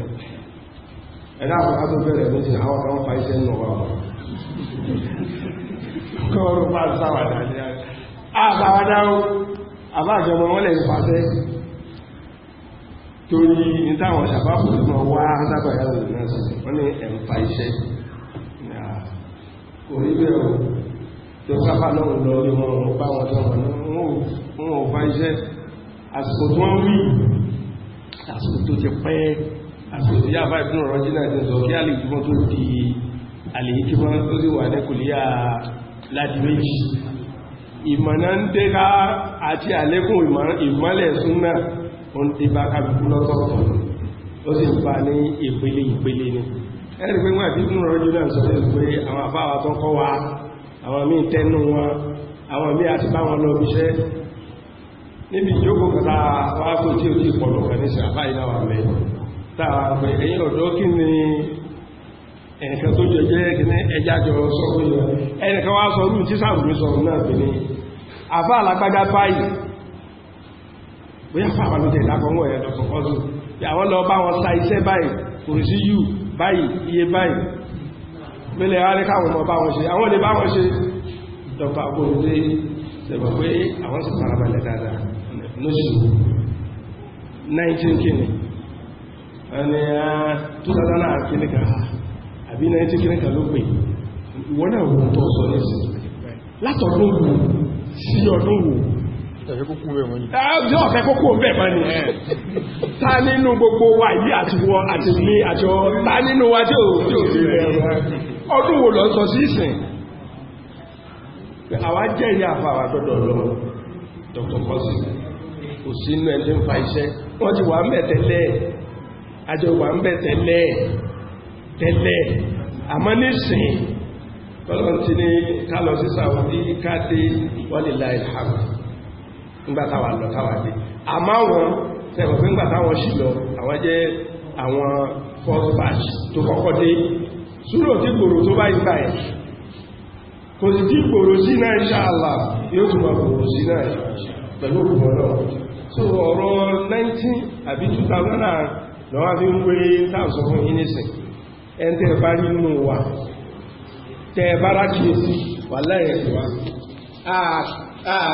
ẹ̀dá àpapá tó bẹ̀rẹ̀ ní ti àwọn kan fa iṣẹ́ nù wọn kọ́ọ̀rọ̀ bá sáwàdà ní àbáwádá ó àbájọmọ wọn lè fàṣẹ torí ní táwọn ṣàbápù mọ̀ wá sábàyà lè náà sí wọ́n ní ẹ̀mfà iṣẹ́ orí bẹ̀rẹ̀ tó sábà náà lọ ní wọn bá wọn tó wọn ò fa iṣẹ́ àsìkò tó wọ́n wí àsìkò tó ti pẹ́ẹ́ àsòtí yàbá ìpínlẹ̀ ọ̀rọ̀ jìnà ìjọ sọ kí alì ìjúmọ́ tó di alìyí kí wọ́n tó sì wà lẹ́kùnlẹ́yà láti méjì ìmọ̀nà ń dé ká àti àlékún ìmọ́lẹ̀ súnmọ́ ohun ti bá kàbùkú lọ́tọ̀ọ̀tọ̀ ó sì bá ní ìpele ìpele ni ẹ̀rì pé wọ́n wa àwọn míì tẹ́nu wọn àwọn míì àti bá wọn lọ bíṣẹ́ níbi ìjókòó kọta wákò tí ó ti pọ̀lọ̀ ní sàbáyé náà mẹ́rin táwa pé ẹ̀yìn ọ̀dọ́ kí ni ẹnìkan tó jẹjẹ kìíní ẹja jọ sọ̀rọ̀ yọ ẹnìkan wá sọ lùú tí sàbùmí sọ̀rọ̀ náà pè ní àfá alágbájá báyìí bóyá fáwọn ló tẹ̀lá kọmọ ẹ̀ lọ́sọ̀kọ́sù àwọn lọ bá wọn sa iṣẹ́ báyìí kò sí yù báyìí iye báyìí mẹ́lẹ̀ wá ní káwọn ọmọ bá wọn ṣe àwọn lè bá wọn ṣe dọ̀bà gbòòdé sẹ̀bọ̀ pé àwọn sì farabalẹ̀ dáadáa lóṣù 19 kìíní ẹni ah, tó sátá náà kíní kan ha ah, àbí náà tí kíní ló pè wọ́n náà wọ́n tó sọ ní sí látọ̀dún wò sí ọdún wò ah, ọ̀fẹ́ kókó nínú gbogbo àti wọ́n àti nínú tí ọdún wò lọ sọ sí ìsìn jẹ́ ìyá àfà lọ Dr. kò sínú ń fa iṣẹ́ wọ́n ti wà àjọ wà ń bẹ̀ tẹ́lẹ̀ tẹ́lẹ̀ àmọ́ nísìn tọ́lọ́ ti ní kálọ̀ sí Saudi káàdé walillahil hamd nígbàtàwà lọ táwà dé àmọ́ wọn tẹ́wọ̀ pé batch tó kọ́kọ́ dé súrò tí gbòrò tó bá ìgbà ẹ̀ kò sì tí gbòrò sí náà inshallah yóò túnmọ̀ gbòrò sí náà pẹ̀lú so ọ̀rọ̀ 19 àbí 2000 lọ́wọ́ fi ń pé táàsọ fún inisẹ̀ ẹn tẹ́ bá rí inú wa tẹ́ bá rákìí sí wà láyẹ̀ wá